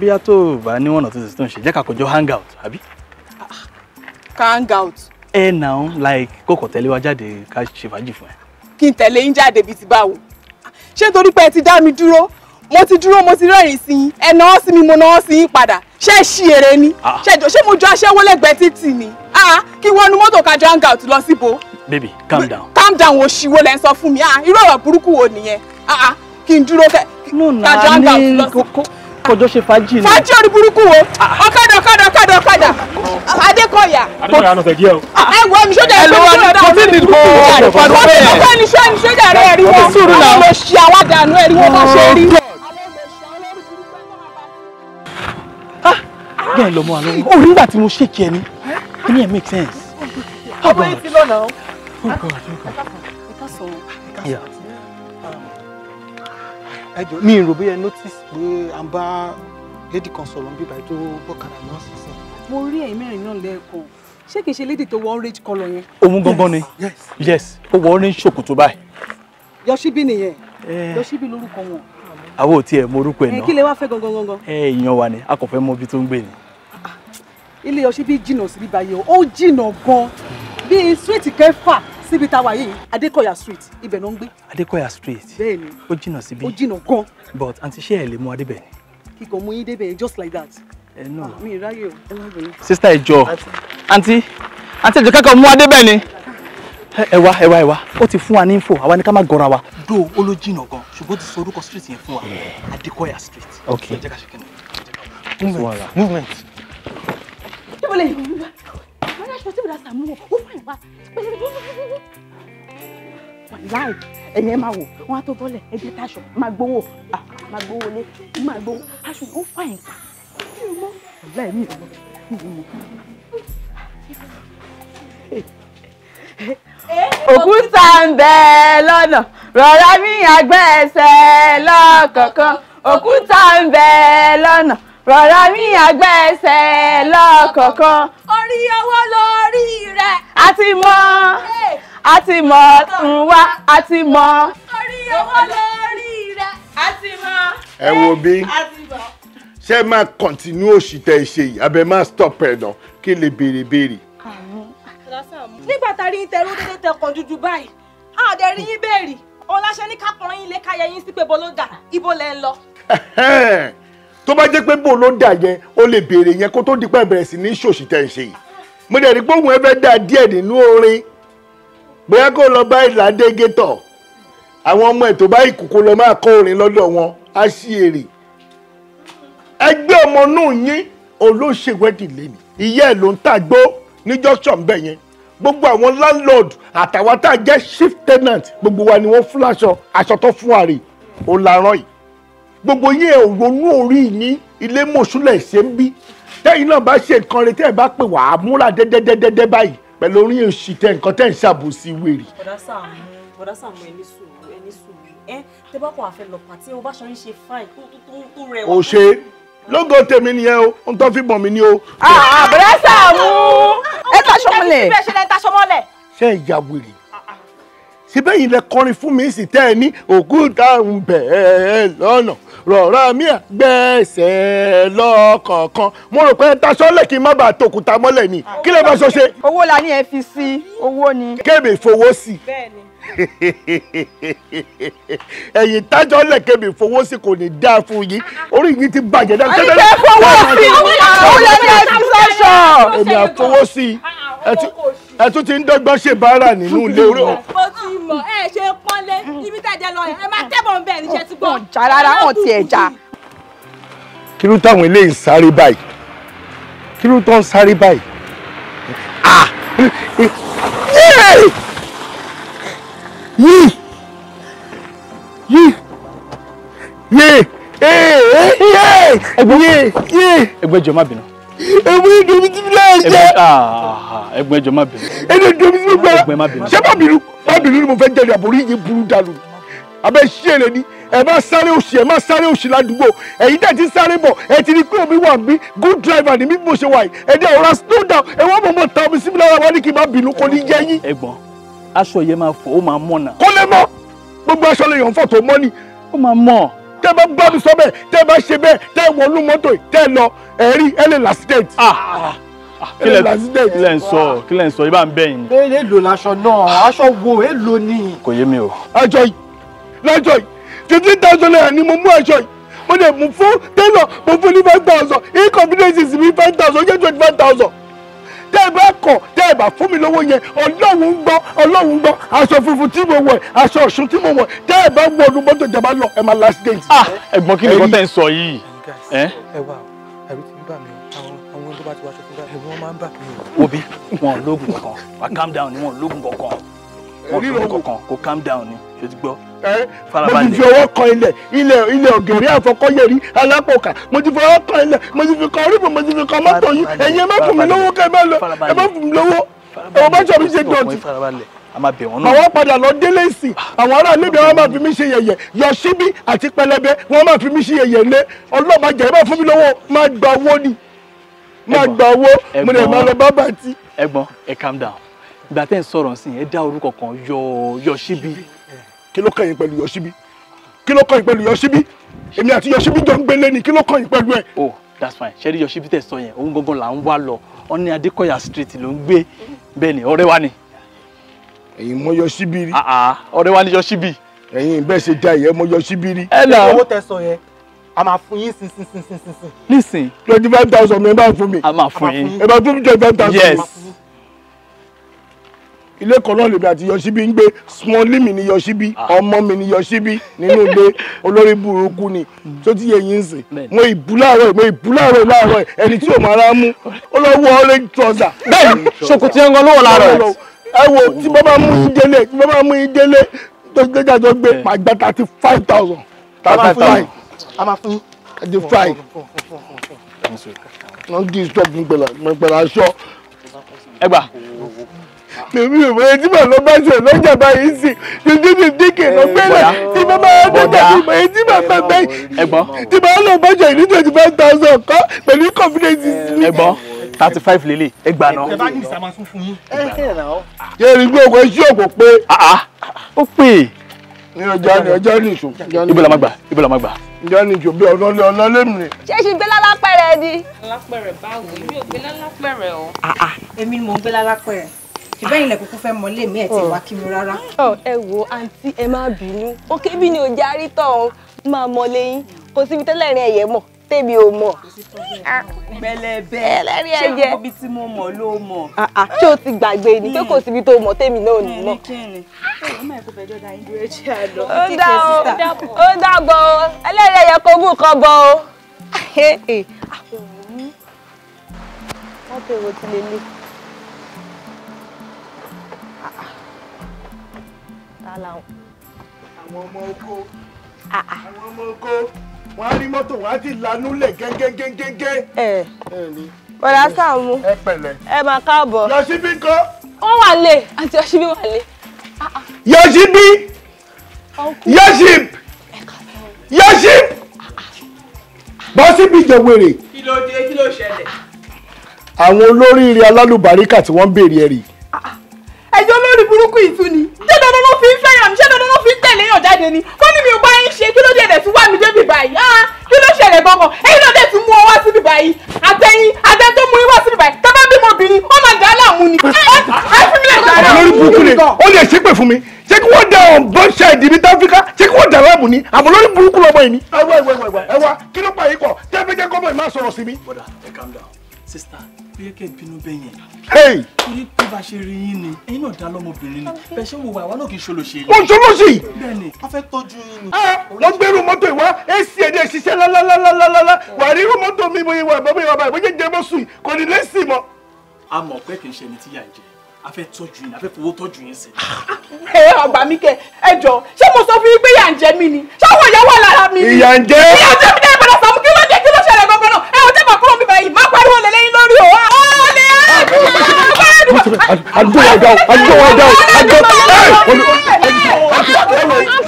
bíyà tó bá ní one or two things tó ń ṣe jẹ́ ká kọjọ́ hang out àbí. ká hang out. ẹ now like kókò tẹ̀lé wa jáde ká ṣe fàájì fún ẹ. kí n tẹ̀lé yín jáde bíi ti báwo ṣé torí pé ẹ ti dá mi dúró mo ti dúró mo ti rẹ́rìn sí yín ẹ náà sí mi mo náà sí yín padà ṣé ẹ ṣí eré ni ah. ṣé mo jọ aṣẹ́wó lẹ́gbẹ̀ẹ́ títì ni ah, kí wọ́n nu mọ́tò kájọ hang out lọ síbo baby calm down. calm down òṣìwò lẹ́ ń sọ fún mi ah irú ọ̀rọ̀ burúkú wo nìyẹn ah ah kí n dúró fẹ́. no na ní kókó kọjọ ṣe fàájì ni. fàájì orí burúkú wo ah, ah. ọ̀kadà ọ̀kadà ọ̀kadà ọ̀kadà adékọ̀yà. adékọ̀yà No, tẹ̀gí ẹ o. Ah, ẹ wo mi sójà rẹ ló wà kò tí ní kò wọ́n ti ọ̀pẹ́ ni sójà rẹ rí wọn àwọn lè ṣe àwádàánú ẹ rí wọn bá ṣe rí. bẹ́ẹ̀ lọ́mọ àlọ́ orí nígbà tí mo ṣèkì ẹni it make sense. ọmọ yìí ti lọ náà. Oh God, oh God. Ẹ ká sọ. Ẹ ká sọ. Ẹ jọ mi rò bóyá notice pé à ń bá lady kan sọ̀rọ̀ níbi ìbàdí tó bọ̀kadà náà sísè. Mo rí ẹ̀yìn mẹ́rin náà lẹ́ẹ̀kan. Ṣé kìí ṣe lady tó wọ orange colour yẹn? Òun gangan ni. Yes. Ó wọ orange ṣòkòtò báyìí. Yọ̀ṣíbí nìyẹn. Eh. Yọ̀ṣíbí lórúkọ wọn. Àwọn ò tiẹ̀ mọ orúkọ ẹ̀ eh, náà. Kí lè wá fẹ́ gangan gangan? Ẹ eh, èèyàn wa ni, a kò fẹ́ mọ ibi tó ń gbé ni. Ah, ah. Ilé Yọ̀ṣíbí jìnnà sí bíbá bíi street kẹfà síbi táwa yìí Adékọ̀yà street ibẹ̀ ló ń gbé. Adékọ̀yà street bẹ́ẹ̀ni ó jìnnà síbí ó jìnnà gan. but àǹtí ṣé ẹ lè mú adébẹ̀ ni. kíkọ mú yín débẹ̀ just like that. ẹ nù. Ah, mi ìráyè o ẹ má bẹ̀rẹ̀. sísítà ìjọ àǹtí àǹtí ìjọ kẹ́kọ̀ọ́ mú adébẹ̀ ni. ẹ wá ẹ wá ẹ wá ó ti fún wa ní info àwa ni ká má gọra wa. do ó ló jìnnà gan ṣùgbọ́n ó ti sọ orúkọ street yẹn fún wa Adékọ̀yà street. ok movement movement. kí wọ́n lè not possible that Sàámú wò ó fàyàn wá wàláì ẹ̀yẹ máa wò wọ́n á tó bọ́lẹ̀ ẹgbẹ́ táṣọ máa gbowó máa gbowó lé máa gbowó aṣọ ó fàyàn pa mi ò mọ wàláì mi ò mọ mi ò mọ. òkúta ń bẹ lọ́nà rọra mi àgbẹ̀ ẹsẹ̀ lọ́kọ̀ọ̀kan òkúta ń bẹ lọ́nà rọra mi àgbẹ̀sẹ̀ lọ́kọ̀ọ̀kan. orí ọwọ́ lórí rẹ̀. a ti mọ a ti mọ ọ̀tún wá a ti mọ. orí ọwọ́ lórí rẹ̀. a ti mọ. ẹ wo bí ṣé máa kọ̀ntínú òṣìṣẹ́ ìṣe yìí abẹ máa stop ẹ̀ náà kí lè béèrè béèrè nígbà tá a rí yín tẹ ródédé tẹ kàn dúdú báyìí a dẹ̀ rí yín béèrè ọláṣẹ ní kápọ̀ yín lé káyẹ yín sí pé bó ló dà ibo lẹ ń lọ tó bá jẹ́ pé bò ló dà yẹn ó lè béèrè yẹn kó tó di pẹ́ bẹ̀rẹ̀ sí ní ṣòṣì tẹ̀ ń ṣe yìí mo dẹ̀ rí pé òun ẹ fẹ́ dà díẹ̀ nínú orin bóyá kó lọ bá ìlàdé gétọ̀ àwọn ọmọ ẹ̀ tó bá ìkòkò lọ máa kọ́ orin lọ́dọ̀ wọn á sí èrè ẹgbẹ́ ọmọ náà yín olóṣèwẹ́dì lẹ́nu ìyá ẹ̀ ló ń tà gbó ní junction yẹn gbogbo àwọn landlord àtàwọn tá a jẹ́ shift tenant gbogbo wa ni wọ́n fún aṣọ aṣọ tó fún àrè ó la rán yìí gbogbo yín ò ronú orí yín ilé mọ̀ṣúlẹ̀ ṣe ń bí tẹ́yìn náà bá ṣe nǹkan rẹ tẹ́yìn bá pè wá múra dẹ́dẹ́dẹ́dẹ́ báyìí pẹ̀lú orin òṣì tẹ́ nǹkan tẹ́ ń ṣàbòsí wèrè. bọ̀dá Sàámú bọ̀dá Sàámú ẹni sùúrù ẹni sùúrù ẹ tẹ bá kọ àfẹ lọ pàtí o bá ṣọyún ṣe fáì tó tó rẹwà. ò ṣe lógo tèmi nìyẹn o n tó fi bọ̀n mi ni o. Ah, ah, bọ̀dá Sàámú ẹ taṣọmọlẹ̀. ẹ ṣe lẹ taṣọmọlẹ̀. ṣé ìyá wèrè síbẹ̀ yìí lẹ kọrin fún mi sì tẹ́ ẹ ní òkúta ń bẹ̀ ẹ lọ́nà rọ̀rọ̀ mi à gbẹ̀sẹ̀ lọ́kọ̀ọ̀kan mo rò pé tasọ́lẹ̀ kí n má bàa tòkúta mọ́lẹ̀ ni kí lè bá sọ ṣe. owó la ní ẹ fi sí owó ni. kébè fowó sí. bẹ́ẹ̀ni ẹ̀yin tájọ lẹkẹbi fowó sí kò ní dáa fún yín orí yìí ti bàjẹ́ dáa tẹ́lẹ̀ tẹ́lẹ̀ fowó sí àwọn olùdíje ẹ̀sìn sọ́ṣọ̀ èmi àfowó sí ẹ tún ti ń dọ́gbọ́n ṣe báárà nínú ilé o. mo ti mọ ẹ ṣe pọ́nlé níbi tàjẹ́ lọ ẹ máa tẹ́bọ̀ ń bẹ̀ níṣẹ́ ti gbọ́. ọ̀jà rárá wọn ti ẹ̀já. kí ló táwọn eléyìí ń sáré báyìí kí ló tó ń sáré báyìí. yìí yìí yìí yìí yìí ẹgbẹ́ jọ má bínú ẹ̀wọ̀n ẹ̀dọ̀ mi ti fi láyà ṣe. ẹgbẹ́ ah, ẹjọ́ má bínú. ẹ̀dọ̀ ẹ̀dọ̀ mi ti fi gbẹ́ra ṣé má bínú má bínú ni mo fẹ́ jẹ́ ní àbórí yìí burú dànù abẹ́ ṣí èrè ni ẹ má sáré òṣì ẹ má sáré òṣì ládùúgbò ẹ̀yin dẹ̀ ti sáré bọ̀ ẹ ti rí pé omi wà mí good driver ni mí mo ṣe wà yìí ẹ ọ̀rá slow down ẹ wọ́n mọ̀ mọ̀ ta omi sí mi lára wá ní kí n má bínú kò ní yẹ yín. ẹ̀gbọ́n aṣọ yẹn máa tẹ́ bá bá mi sọ bẹ́ẹ̀ tẹ́ bá ṣe bẹ́ẹ̀ tẹ́ wọnú mọ́tò tẹ́ lọ ẹ̀rí ẹ̀ lè l'accident. Ah, kílẹ̀ kílẹ̀ ń sọ kílẹ̀ ń sọ ibà ń bẹ̀yìn. ẹ lò láṣọ náà aṣọ wo ẹ lò ní. kò yé mi o. aṣọ yìí lọ́jọ́ yìí twenty thousand naira ni mo mú aṣọ yìí mo lè mú fún tẹ́lọ̀ mo fún ní five thousand inconveniences mi five thousand ó jẹ́ twenty five thousand tẹ́ ẹ bá kọ̀ tẹ́ ẹ bá fún mi lówó yẹn ọlọ́run gbọ́ ọlọ́run gbọ́ aṣọ funfun tí mo wọ̀ aṣọ ọ̀ṣun tí mo wọ̀ tẹ́ ẹ bá wọ ọdún mọ́tò ìjọba lọ ẹ máa last date. Ah, ẹ̀gbọ́n kí ni nǹkan tẹ́ ń sọ yìí. ẹ wá ẹ̀rù ti ń bà mí àwọn tó bá ti wá aṣọ funfun ẹ̀rù wọn máa ń bà mí. obi wọn ò lóògùn kankan wà calm down ni wọn ò lóògùn kankan wọn ò lóògùn kankan kò calm down ni ṣe ti gbọ́ mo ti fi ọwọ́ kan ilẹ̀ ilẹ̀ ilẹ̀ ọ̀gẹ̀rẹ́ àfọkọ́yẹ̀rí alápòkà mo ti fi ọwọ́ kan ilẹ̀ mo ti fi kan oríbò mo ti fi kan mọ́tò yín ẹ̀yin ẹ má fún mi lówó kẹ́ ẹ má lọ ẹ má fún mi lówó ẹ̀wọ̀n bá ṣọ̀bí ṣe dọ̀tí àwọn padà lọ délé ìsìn àwọn ará níbi àwọn máa fi mí ṣe yẹ̀yẹ̀ yọ síbí àti pẹlẹbẹ wọn máa fi mí ṣe yẹ̀yẹ̀ lé ọlọ́ọ̀bàjẹ́ ẹ má fún mi lówó má gba owó ni má gba owó mo down ìgbà tẹ́ ń sọ̀rọ̀ sí ẹ dá orúkọ kan yọ kí ló kàn yín pẹ̀lú yọ̀ṣíbí kí ló kàn yín èmi àti yọ̀ṣíbí jọ ń gbélé ni kí ló kàn yín pẹ̀lú o oh, that's fine ṣe rí yọ̀ṣíbí tẹ̀ sọ yẹn òun gangan là ń wá lọ wọn ní adékọ̀yà street ló ń gbé bẹ́ẹ̀ ni ọ̀rẹ́ wa ni. ẹ̀yin mọ yọ̀ṣíbí rí. Ah, ah, ọ̀rẹ́ wa ni yọ̀ṣíbí. ẹ̀yin bẹ́ẹ̀ ṣe da ìyẹn mọ yọ̀ṣíbí rí. ẹ là owó tẹ sọ yẹn a máa fún yín sin sin sin nísìn. twenty five thousand mi ẹ bá fún mi. a máa fún yín. ẹ bá fún mi twenty five thousand. yes ilé kan náà lèmi àti yọ̀ṣíbí ń gbé smọ́lí mi ni yọ̀ṣíbí ah. ọmọ mi ni yọ̀ṣíbí nínú ilé olórí burúkú ni tó mm. ti yẹ yín sìn mo ìbú mo ìbú láàárọ̀ láàárọ̀ ẹni tí ò máa rá mú ó lọ wọ ọlẹ́ trọ́sà. bẹ́ẹ̀ni ṣòkòtì ẹ̀ngàn ló wọ̀ láàárọ̀ ẹ wo tí bọ́ bá mú yín délé tí bọ́ bá mú yín délé tó gbé jàdó gbé màá thirty five thousand thirty five thirty five non dis stop nígbàlá nígbàlá aṣọ. ẹgbà lèmi ò mọ̀lẹ́ tí màá lọ bá ṣe lọ́jà báyìí sí dídí dídí kì í lọ pẹ́lẹ̀ tí màá máa dọ́jà bí mọ̀lẹ́ tí màá máa bẹ́ ẹ̀gbọ́n tí màá lọ bá ṣe ní twenty five thousand kọ́ pẹ̀lú confidence mi. ẹ̀gbọ́n thirty five lélẹ̀ ẹgbà náà. ẹ bá ní ìsàmà tún fún yín. ṣé ibi òkè sí òkò pé. Ah, ah. ó pè é. ní ọjọ́ ní ọjọ́ ní ìṣó. ibo la ma gbà ibo la ma gbà. ǹjẹ́ ní ìṣó bí ọlọ́lé ọlọ́lé mi. ṣé ṣe gbé lálápẹ̀rẹ̀ ni. lálápẹ̀rẹ̀ báwo èmi ò gbé lálápẹ̀rẹ̀ o. Ah, èmi mò ń gbé lálápẹ̀rẹ̀ ṣùgbọ́n ilẹ̀ kúkú fẹ́ mọ lèmi ẹ̀ tí wá kí mi rárá. ẹ wo àǹtí ẹ má bínú òkè bí ni òjá rí tán o máa mọ lẹ́yìn kò síbi tẹ́lẹ̀ rìn ẹ̀yẹ mọ̀ tèmi ò mọ̀. bẹ́lẹ̀bẹ́ ẹlẹ́rìí ẹ̀yẹ ṣé ibi tí mo mọ̀ ló mọ̀. ṣé o ti gbàgbé ni pé kò síbi tó mọ̀ tèmi náà ní mọ̀. ó dàbọ̀ o ẹlẹ́rìí ẹ̀yẹ kò mú nǹkan bọ̀ o. wọ́n bẹ̀rù ti lè lé. ta la o. àwọn ọmọ oko ah, ah. àwọn ọmọ oko wọn á rí mọ́tò wọn á ti lanú lẹ̀ gẹ́gẹ́gẹ́gẹ́. ẹ bọ̀dá Sàámú ẹ pẹ̀lẹ́ ẹ máa káàbọ̀. Yọ̀ṣíbí ńkọ́. wọ́n wà lé àti Yọ̀ṣíbí wà lé. Yọ̀ṣíbí Yọ̀ṣíb Yọ̀ṣíb bọ́ síbi ìjẹ̀wèrè. kí ló dé kí ló ṣẹlẹ̀. àwọn olóríire alálùbáríkà tí wọ́n ń béèrè ẹ̀rì ẹjọ́ lórí burúkú ìtú ni ṣé dandan ló fi ń fẹ́ràn mi ṣé dandan ló fi ń tẹ̀lé èèyàn jáde ni fún mi ò bá yín ṣe kí ló dé ẹ̀dẹ̀ tún wá mi débi báyìí ah kí ló ṣẹlẹ̀ gbọ̀ngàn ẹ̀yin náà dẹ̀ tún mú ọ wá síbi báyìí àtẹ̀yìn àtẹ̀ tó mú yín wá síbi báyìí tábà bímọ obìnrin ó máa dá láàmú ni ah, ah, ẹ fún mi lè dá láàmú. lórí burúkú ni ó lè ṣépè fún mi ṣé kí wọ́n da ọ̀n bọ́ ṣe ìdìbí táfíkà ṣé kí wọ́n dà láàmú ni àmọ́ lórí burúkú lọ́mọ yìí ni. ẹ wá ẹ wá ẹ wá kí ló pa yìí kọ tẹ́fẹ́jẹ́ kọ́mọ̀ ì ló yẹ kẹ́ ẹ̀ bínú bẹ́ẹ̀ yẹn. torí pé bá a ṣe rí yín ni ẹ̀yin náà dá lọ́mọbìnrin ni bẹ́ẹ̀ ṣé mo wà wá náà kì í ṣolóṣe. o ṣolóṣì. bẹ́ẹ̀ni a fẹ́ tọ́jú yín ni. lọ ah! gbẹrù mọ́tò ìwá èsì èdè ṣiṣẹ́ lálálálálálá wà á rí irú mọ́tò mi bóyá ìwà bàbá ìwà bàbá ìwé jẹjẹrẹ mọ́ sùn kò ní lẹ́sìn mọ́. a mọ̀ pé kì í ṣe ẹni tíyà jẹ a fẹ́ tọ́jú yín a fẹ́ fowó tọ́jú yín sí. ẹ ah! eh, ọgbà mi kẹ ẹ jọ ṣé mo sọ fún yín pé ìyà ń jẹ mí ni ṣé àwọn ìyàwó alára mi ni. ìyà ń jẹ. ìyà ń jẹ mi ní ẹgbẹ́ lọ́sàn yìí má pariwo lórí o. ó lè àdúgbò wa dá o àdúgbò wa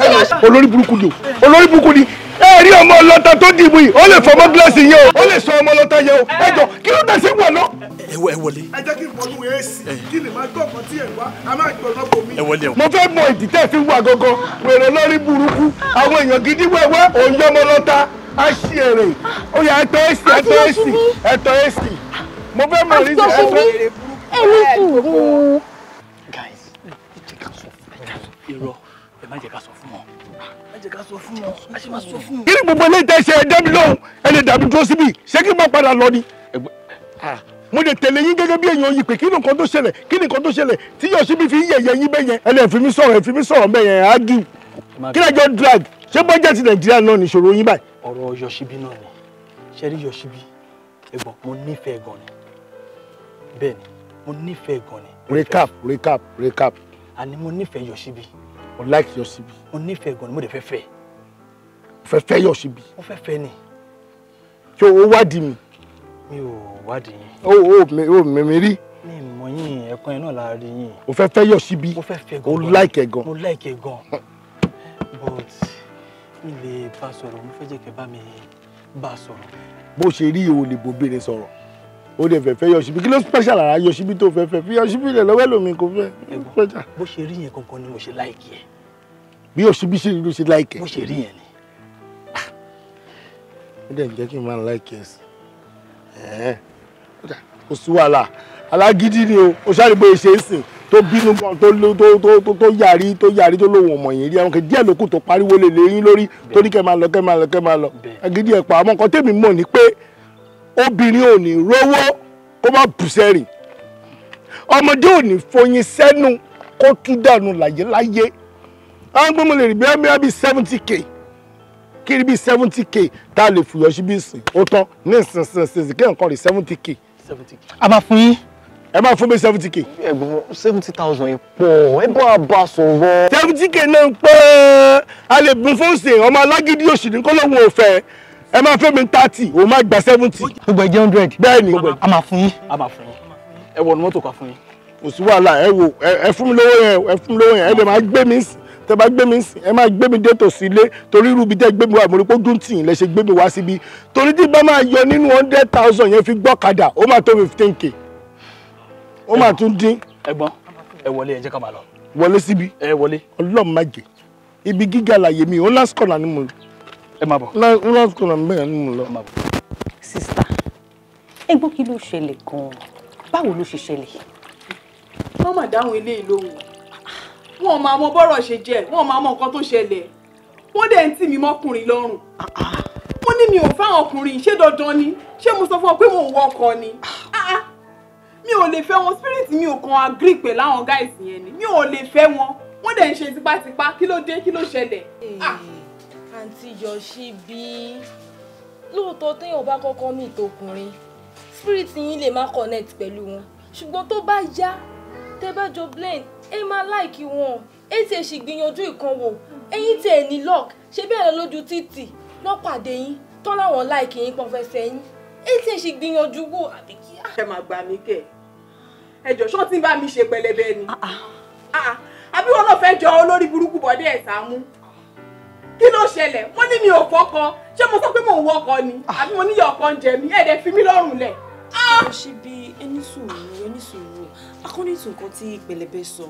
dá o olórí burúkú ni o olórí burúkú ni ẹ rí ọmọ ọlọ́ta tó dìbò yìí ó lè fọmọ gíláàsì yẹn o ó lè sọ ọmọ ọlọ́ta yẹn o ẹ jọ kí ló tẹ̀sí wọ̀ náà ẹ wọlé. ẹ jẹ́ kí n wọnú èsì kí lè máa gbọ́ ọ̀kan tí ẹ wá a máa gbọ̀nà bomi. ẹ wọlé o. mo fẹ́ mọ ìdí tẹ́ fi wà gangan wèrè lórí burúkú àwọn èèyàn gidi wẹ́wẹ́ òun yọmọ lọ́ta a ṣí èrè ó yà ẹ̀tọ́ èsì ẹ̀tọ́ èsì ẹ̀tọ́ èsì mo fẹ́ mọ̀ ní ẹ̀tọ́ èrè burúkú. guys ẹ jẹ́ ká sọ fún wọn irọ́ ẹ má jẹ́ ká sọ fún wọn ẹ jẹ́ ká sọ fún wọn a ṣe máa sọ fún wọn. irú gbogbo eléyìí tẹ ṣe ẹ dẹ́mi lóhùn ẹ lè dàbí dúró síbi ṣé kí n má padà lọ ni ah, mo lè tẹ̀lé yín gẹ́gẹ́ bí èèyàn yìí pé kí ni nǹkan tó ṣẹlẹ̀ kí ni nǹkan tó ṣẹlẹ̀ tí Yosibi fi ń yẹ̀yẹ́ yín bẹ́yẹn ẹ lè fi mí sọ̀rọ̀ ẹ fi mí sọ̀rọ̀ bẹ́yẹn á dùn kí lẹ́jọ́ drag ṣé bọ́jẹ̀tì Nàìjíríà náà nìṣòro yín báyìí ọ̀rọ̀ yọ̀ṣíbí náà ni ṣe rí yọ̀ṣíbí ẹ̀gbọ́n mo nífẹ̀ẹ́ gan ni bẹ́ẹ̀ ni mo nífẹ̀ẹ́ gan ni. recap recap recap. àní mo nífẹ̀ẹ́ yọ̀ṣíbí. o like yọ̀ṣíbí. mo nífẹ̀ẹ́ gan ni mo dẹ̀ fẹ́ fẹ́. o fẹ́ fẹ́ yọ̀ṣíbí. mo fẹ́ fẹ́ ni. ṣé o wádìí mi. mi ò wádìí yín. o ò mẹ̀mí rí ní ìmọ̀ yín ẹ̀kan yẹn náà la rí yín. o fẹ́ fẹ́ yọ̀ síbí o like ẹ̀ gan. mo like ẹ̀ gan but mi lè bá sọ̀rọ̀ mo fẹ́ jẹ́ kẹ́ bá mi bá sọ̀rọ̀. bó ṣe rí o lè bò béèrè sọ̀rọ̀ o lè fẹ́ fẹ́ yọ̀ṣibí kí ló special ara yọ̀ṣibí tó fẹ́ fẹ́ fi yọ̀ṣibí lẹ̀ lọ́wọ́ lómi kò fẹ́. bó ṣe rí yẹn kankan ni mo ṣe láìkì ẹ. bí yọ̀ṣibí ṣe rí ló ṣe láìkì ẹ. bó ṣe rí yẹn ni. ó dẹ̀ ń jẹ́ kí n máa láìkì ẹ sí i. kò sí wàhálà alágídí ni o o ṣáà rí bóyá ṣe é sìn tó bínú gan tó tó tó tó yàrí tó yàrí tó lòun ọmọ yìí rí àwọn kẹ díẹ̀ lókù tó pariwo lè lè yín lórí tó ní kẹ máa lọ kẹ máa lọ kẹ máa lọ agídí ẹ̀ pa àmọ́ nǹkan tèmi mọ̀ ni pé obìnrin ò ní rówó kó má bù sẹ́rìn ọmọdé ò ní foyin sẹ́nu kó tú dànù láyé láyé àwọn gbọ́mọ lè rí bí wọ́n bí seventy k kiri bí seventy k tá a lè fùyọ́ sí bí sìn ó tán ní ìsinsìnyí kí nǹkan rí seventy k. a máa fún yín ẹ máa fún mi seventy k. ẹ̀gbọ́n seventy thousand yẹn pọ̀ ẹ bá a bá a seventy k náà ń pẹ́ a lè bùn fún ṣe ọmọ alágídí òṣì ní kọ́lọ́hún òfẹ́ ẹ máa fẹ́ mi thirty òun máa gba seventy. gbogbo ẹjẹ hundred. bẹ́ẹ̀ni a máa fún yín. a máa fún yín ẹ wọ ní mọ́tò kan fún yín. kò sí wàhálà ẹ wo ẹ fún mi lówó yẹn ẹ fún mi lówó yẹn ẹ lè máa gbé mi tẹ bá gbé mi ẹ máa gbé mi dé tòsí ilé torí irú ibi tẹ gbé mi wá mo rí pé dùn tì yín lẹ ṣe gbé mi wá síbi torí tí bá máa yọ nínú hundred thousand yẹn fi gbọ́kadà ó máa tó fifteen k ó máa tún dín. ẹ̀gbọ́n ẹ wọlé ẹ jẹ́ ká máa lọ. wọlé síbi. ẹ wọlé. Ọlọ́run má jẹ́ ibi gíga làyè mi ó last corner ni mo. ẹ máa bọ̀. last corner mi bẹ́ẹ̀ ni mo lọ. sista ẹ̀gbọ́n kí ló ṣẹlẹ̀ gan-an báwo ló ṣe ṣẹlẹ̀. wọ́n mà dáhùn ilé ìlóhùn wọn máa mọ bọ́rọ̀ ṣe jẹ́ wọn máa mọ nǹkan tó ṣẹlẹ̀ wọ́n dẹ̀ ń tì mí mọ́kùnrin lọ́rùn ah, ah. wọ́n ní mi ò fáwọn ọkùnrin ṣé dandan ni ṣé mo sọ fún ọ pé mò ń wọ ọkọ ni ah, mi ò lè fẹ́ wọn spirit mi ò kàn agree pé láwọn guys yẹn ni mi ò lè fẹ́ wọn wọ́n dẹ̀ ń ṣe tipátipá kí ló dé kí ló ṣẹlẹ̀. àǹtí eh, ah. yọ̀ṣí bí lóòótọ́ téèyàn bá kọ́kọ́ mí ìtòkùnrin spirit yín lè má connect pẹ̀lú wọn ṣùgbọ́n tó bá yá tẹ́ bá jọ blend ẹ máa láìkí wọn ẹ ti ẹ̀ sì gbìyànjú ìkan wò ẹ̀yin tí ẹ̀ ní lock ṣe bí ẹ̀rọ lójú títì lọ́pàdé yín tán láwọn láìkí yín pọ̀ fẹsẹ̀ yín ẹ ti ẹ̀ sì gbìyànjú wò àbí kíá. ẹ máa gbà mí kẹ́ ẹ̀ ẹjọ ṣó tí ń bá mi ṣe pẹlẹbẹ ni ah, ah. Ah, àbí wọn náà fẹ́ jọ olórí burúkú bọdé ẹ Sàámú kí ló ṣẹlẹ̀ mo ní mi ò fọkọ ṣé mo sọ pé mò ń wọkọ ni àbí mo níyà ọkọ ń jẹ mi ẹ̀ẹ́dẹ̀ fi mí lọ́rùn lẹ̀. mo ṣe bí ẹni sùúrù ẹni sùúrù akọ́ni tún nǹkan tí pẹlẹbẹ sọ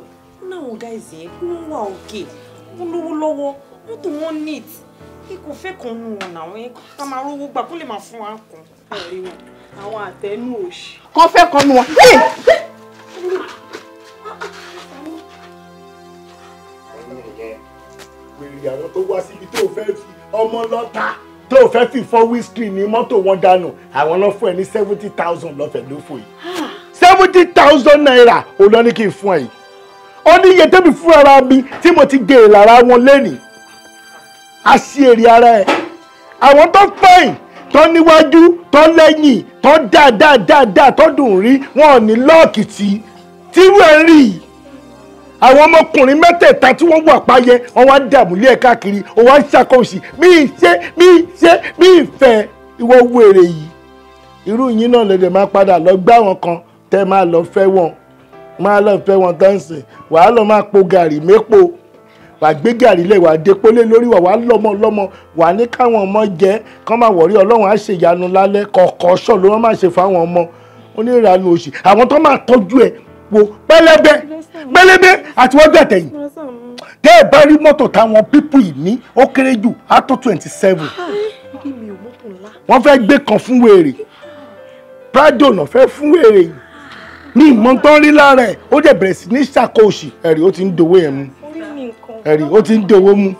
ní àwọn gáìsì yẹn kí wọ́n wà òkè wọ́n lówó lọ́wọ́ mọ́tò wọn neat kí kò fẹ́ kan nu ọ̀nà àwọn yẹn ká máa rówó gbà kó lè máa fún wa kan. àwọn àtẹnu òṣì. kan fẹ́ kan nu wọn. ọmọ lọ́ta tó o fẹ́ fi fọ́ wíṣkì ní mọ́tò wọn dànù àwọn lọ fún ẹ ní seventy thousand lọ́fẹ̀ẹ́ ló fò yìí seventy thousand naira ò lọ ní kí n fún ẹ yìí ó ní iye tẹ́bi fún ara mi tí mo ti gé e lára wọn lẹ́nìí a ṣe èrè ara ẹ àwọn tó pẹ́yìn tó níwájú tó lẹ́yìn tó dáadáa dáadáa tó dùn rí wọn ò ní lọ́ọ̀kì tí tírú ẹ̀ rí yìí àwọn ọmọkùnrin mẹ́tẹ̀ẹ̀ta tí wọ́n wà páyẹ wọ́n wá dààmú lé ẹ̀ káàkiri wọ́n wá ń ṣàkóso bí ṣe bí ṣe bí ìfẹ́ ìwọ wèrè yìí irú yín náà lè dè máa padà lọ gbá wọn kan tẹ́ máa lọ fẹ́ wọn máa lọ fẹ́ wọn tán sìn wàá lọ máa po gàrí mépo wàá gbé gàrí lẹ̀ wàá dépolé lórí wà wàá lọ́mọ lọ́mọ wàá ní káwọn ọmọ jẹ kán máa wọ̀rí ọlọ́run á ṣèyanu lálẹ́ kọ̀ọ̀kọ̀ ṣọ̀ ló wọ́n máa ṣe fáwọn ọmọ onírànú òṣì àwọn tó máa tọ́jú ẹ wo pẹlẹbẹ pẹlẹbẹ àtiwájú àtẹ̀yìn tẹ́ ẹ bá rí mọ́tò táwọn pípù yìí ní ó kéré jù á tó twenty seven ah, wọ́n fẹ́ gbé kan fún wèrè prado náà fẹ́ fún wèrè yìí ní ìmọ̀ tán rí lára ẹ̀ ó dẹ̀ bẹ̀rẹ̀ sí ní ṣàkóòṣì ẹ̀rí ó ti ń dowó yẹn mu ẹ̀rí ó ti ń dowó mu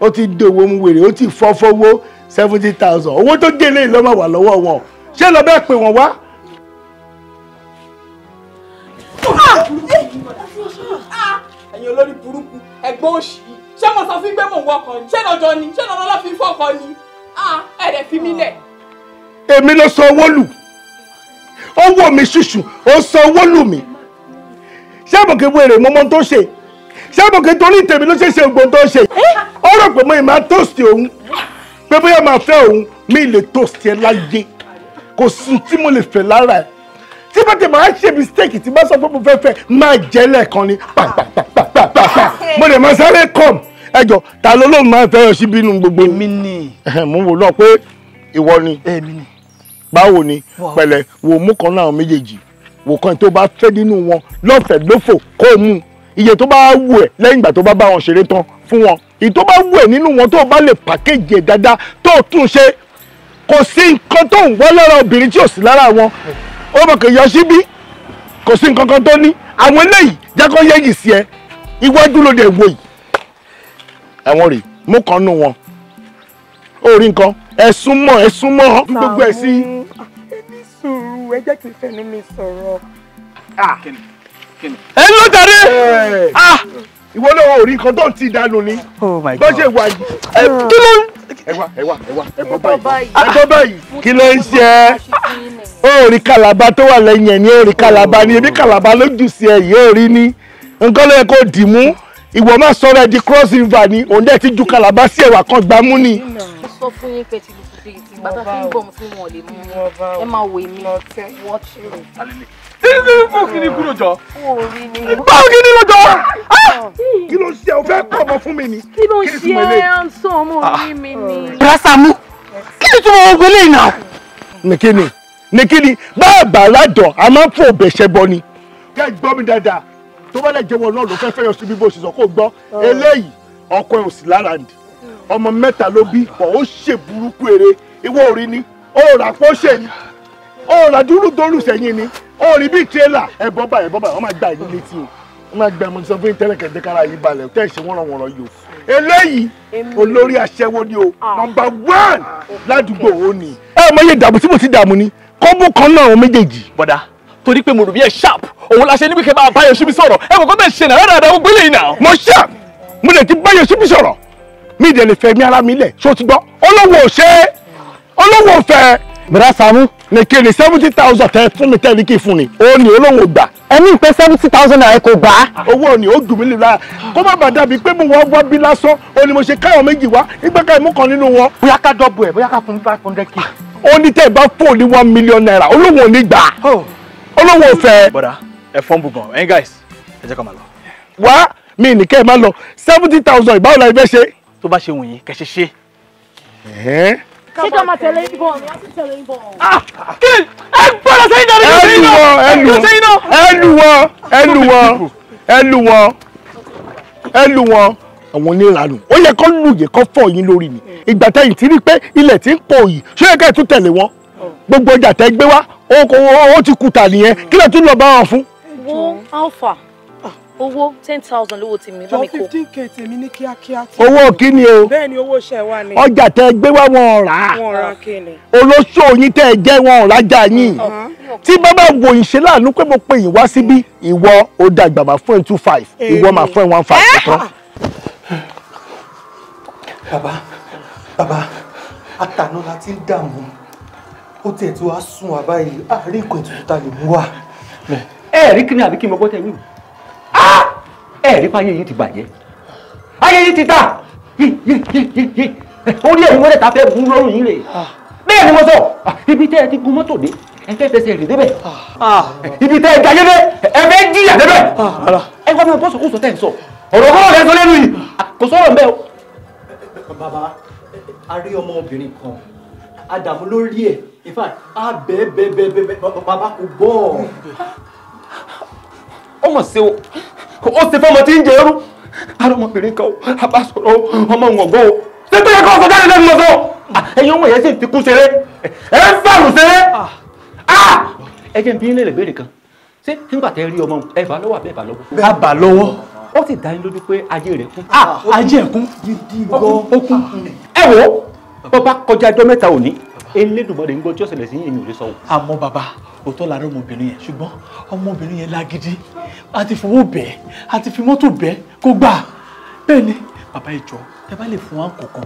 ó ti ń dowó mu wèrè ó ti fọ́fọ́wó seventy thousand owó tó délé ló máa wà lọ́wọ́ wọn ṣé lọ bẹ́ẹ̀ pè wọ́n wá ẹ̀yin olórí burúkú ẹ̀gbọ́n òṣì ṣé mo sọ fún pé mò ń wọkọ̀ ni ṣé lọ́jọ́ ni ṣé lọ́lọ́lọ́ fi fọ́kọ ni ẹ̀rẹ̀ fi mí lẹ̀. èmi ló sọ owó lù owó mi ṣùṣù ó sọ owó lù mí ṣé mo kì í wèrè mo mọ tó ṣe ṣé mo kì í torí tèmi ló ṣe ṣe ògbó tó ṣe ó rò pé mo ì máa toast òun pé bóyá máa fẹ́ òun mi lè toast ẹ láyé kò sí tí mo lè fẹ́ lára ẹ tí bá tẹ̀ máa ṣe mistake tí bá sọ pé mo fẹ́ fẹ́ máa jẹ́ lẹ́ẹ̀kan ni pàpàpàpàpà mo lè máa sáré kọ́m ẹjọ ta ló lóun máa fẹ́ yọ sí bínú gbogbo. èmi ni. mo wò lọ pé ìwọ ni. èmi ni. báwo ni pẹ̀lẹ́ wo mú kan náà méjèèjì wo kan tó bá fẹ́ nínú wọn lọ́fẹ̀ẹ́ lófò kó o mú iye tó bá wù ẹ́ lẹ́yìn ìgbà tó bá bá wọn ṣeré tán fún wọn ìyí tó bá wù ẹ́ nínú wọn tó bá lè pàkéjì ẹ̀ dáadáa tó tún ṣe kò sí nǹkan tó ń wọ́ lára obìnrin tí ò sí lára wọn ó mọ̀ kò yọ síbí kò sí nǹkan kan tó ní àwọn eléyìí jẹ́ yẹ́yì sí ẹ iwájú ló dé wò yìí ẹ̀wọ̀n rè mú kan nù wọn orí nǹkan ẹ̀sùn mọ̀ ẹ̀sùn mọ̀ gbogbo ẹ̀ sí. ẹbí sùúrù ẹ jẹ́ fẹnu mi sọ̀rọ̀. ẹ ló darí ìwọ náà ò rí nǹkan tó ń ti dànù ni oh bó ṣe wà yìí ẹ ah. kí ló ń. ẹ wá ẹ wá ẹ wá ẹ bọ́ báyìí ẹ bọ́ báyìí. kí ló ń ṣe ẹ ó rí kàlàbà tó wà lẹ́yìn ẹ̀ ní ó rí kàlàbà ni ebi kàlàbà ló jù sí ẹ yìí ó rí ni nǹkan ló yẹ kó dì mú ìwọ máa sọ̀rọ̀ ẹ di cross river ni òun dẹ̀ ti ju kàlàbà sí ẹ̀wà kan gbámú ni ìgbà tó fi ń bọ̀ mo fi wọn lè mú ẹ máa wò mí wọ́ọ̀tì rẹ̀. títí tí fún kí ni kúrò jọ. nípa kí ni lọ jọ. Ah! Ah! kí ló ń ṣe o fẹ́ pọ̀ ọmọ fún mi ni. kí ló ń ṣe ẹ ń sọ ọmọ orí ah! mi ni. rasamu kí ni túmọ̀ ogun eléyìí náà. nìkíni nìkíni báà bá ládọ̀ a máa ń fò bẹ̀ṣẹ̀ bọ ni. kẹ́ gbọ́ mi dáadáa tó bá lè jẹ́wọ́ náà ló fẹ́ fẹ́ yọ síbi bó ṣe sọ kó gbọ́ eléyìí ọkọ ẹ̀ ò sí lára ǹdí ọmọ mẹ́ta ló bí ọ̀ ó ṣe burúkú eré ìwọ òrí ni ó rà pọ́ṣẹ̀ ni ó rà dúrúdúrú sẹ́yìn ni ó rí bíi tírélà ẹ̀bọ́n bá ẹ̀bọ́n bá wọ́n máa gba ìlú létí o wọ́n máa gba ìmọ̀sán fún ìtẹ́lẹ̀ kẹ̀dẹ́ kára yìí balẹ̀ tẹ́ ìṣe wọ́n ràn wọ́n ràn yìí o eléyìí olórí aṣẹ́wó ni o ah. nọ́mbà one ládùúgbò ó ní. ẹ mọ iye ìdààmú tí mo ti dààmú ni kọ́bù kan náà àwọn méjèèjì. bọ́dà torí pé mo rò bí ẹ sharp òun la ṣe níbi kẹ́ bá báyọ̀ ṣubí sọ̀rọ̀ ẹ kò kọ́ bẹ́ẹ̀ ṣe náà dáadáa gbé lè nà. mo sharp mo lè ti báyọ̀ ṣubí sọ̀rọ̀ mi ìdẹ̀lẹ̀ fẹ̀mí ara mi lẹ̀ ṣó ti gbọ́ olówó ò ṣe é olówó fẹ́. bẹ̀rẹ̀ Sàámú. nìkè ní seventy thousand tẹ fún mi tẹ́lẹ̀ kí fún ni ó ní olówó gbà. ẹni pé seventy thousand naira kò bá. owó ni ó dùn mí lura kó má bàa dàbí pé mo wọ́n wá bí lásán o ni mo ṣe káyọ̀ méjì wá nígbà káyọ̀ mú kan nínú wọn. bóyá ká dọ́bù ẹ̀ bóyá ká fún five hundred k. ó ní tẹ́ ẹ bá fò ní one million naira olówó ni gbà oh. olówó fẹ́. bọ̀dà ẹ fọ́n bùgàn ẹ̀yin guys ẹ jẹ́ ká máa lọ. wá mi seventy thousand ìbáwọ̀ la ẹ fẹ́ ṣe. tó bá ṣe wọ̀nyí kẹ́ ṣíjọ́ máa tẹ̀lé yín bọ̀ àwọn onírànù ó yẹ kó lùyẹ kó fọ yín lórí ni ìgbà tẹ̀yìn ti rí pé ilẹ̀ ti ń pọ̀ yìí ṣé ẹ kẹ́ẹ̀ tún tẹ̀lé wọn gbogbo ọjà tẹ gbé wá ó ti kùtà nìyẹn kí lè tún lọ bá wọn fún. wo alfa owó ten thousand lówó tèmi bá mi kó. jọ fifteen k tèmi ní kíákíá. owó kíni o. bẹ́ẹ̀ ni owó ṣe wà ní. ọjà tẹ gbé wá wọn rà. wọn rà kíni. olóṣò yín tẹ jẹ́ wọn rajà yín. Uh-huh. tí bàbá wò ìṣe láàánú pé mo pe yín wá síbí ìwọ ó dàgbà máa fún ẹ two five ìwọ máa fún ẹ one five tán. bàbá bàbá àtànà la ti ń dààmú ó tiẹ̀ tí wàá sún wa báyìí àárín ìkọ̀ ètùtù ta lè mú wa. ẹ̀ẹ́rì kí ni àbí kí n mọ gbọ́ tẹ̀ ẹ̀rí pa ayé yìí ti bàjẹ́ ayé yìí ti ta orí ẹ̀yin wọlé ta fẹ́ gun lọ́rùn yín rè ah. bẹ́ẹ̀ ni mo sọ ibi tẹ́ ẹ ti gun mọ́tò dé ẹ fẹ́ fẹsẹ̀ rè débẹ̀ ah. Ah. ibi tẹ́ ẹ ga yé dé ẹ fẹ́ jìyà débẹ̀ ẹ wọ́n mi bọ́sọ̀ kó sọ tẹ́ ẹ sọ ọ̀rọ̀ kọ́rọ̀ lẹ́ sọ lẹ́nu yìí kò sọ̀rọ̀ ń bẹ́ o. bàbá a rí ọmọbìnrin kan Adamu lórí ẹ in a bẹ́ẹ̀ bẹ́ẹ̀ bẹ́ẹ̀ bàbá kò gbọ́ ó mọ̀ sí o ó ṣe fọ́mọ tí ń jẹ ẹrú arọmọbìnrin kan apá sọ̀rọ̀ ọmọ ìwọ̀ngọ́ o ṣé tó yẹ kó sọ jáde lẹ́nu lọ́sọ̀ ẹ̀yin ọmọ yẹn sì ti kú ṣeré ẹ̀ ń fàrù ṣeré ẹ jẹ́ bí nílẹ̀ ìbéèrè kan ṣé nígbà tẹ́ rí ọmọ ẹ bá lọ́wọ́ àbí ẹ bá lọ́wọ́. a bá lọ́wọ́. ó sì dá yín lójú pé ajé rẹ̀ kún. ajé ẹ̀ kún ó kún. ẹ wo bọ́ bá kọjá ẹjọ́ mẹ́ta òní elédùnmọ̀dé ń gbọ́ tí ó ṣẹlẹ̀ sí èmi ò lè sọ o. àmọ́ bàbá òótọ́ la rí ọmọbìnrin yẹn ṣùgbọ́n ọmọbìnrin yẹn lágídí a ti fowó bẹ́ẹ̀ a ti fi mọ́tò bẹ́ẹ̀ kó gbà bẹ́ẹ̀ ni bàbá ìjọ ẹ bá lè fún wa kọ̀ọ̀kan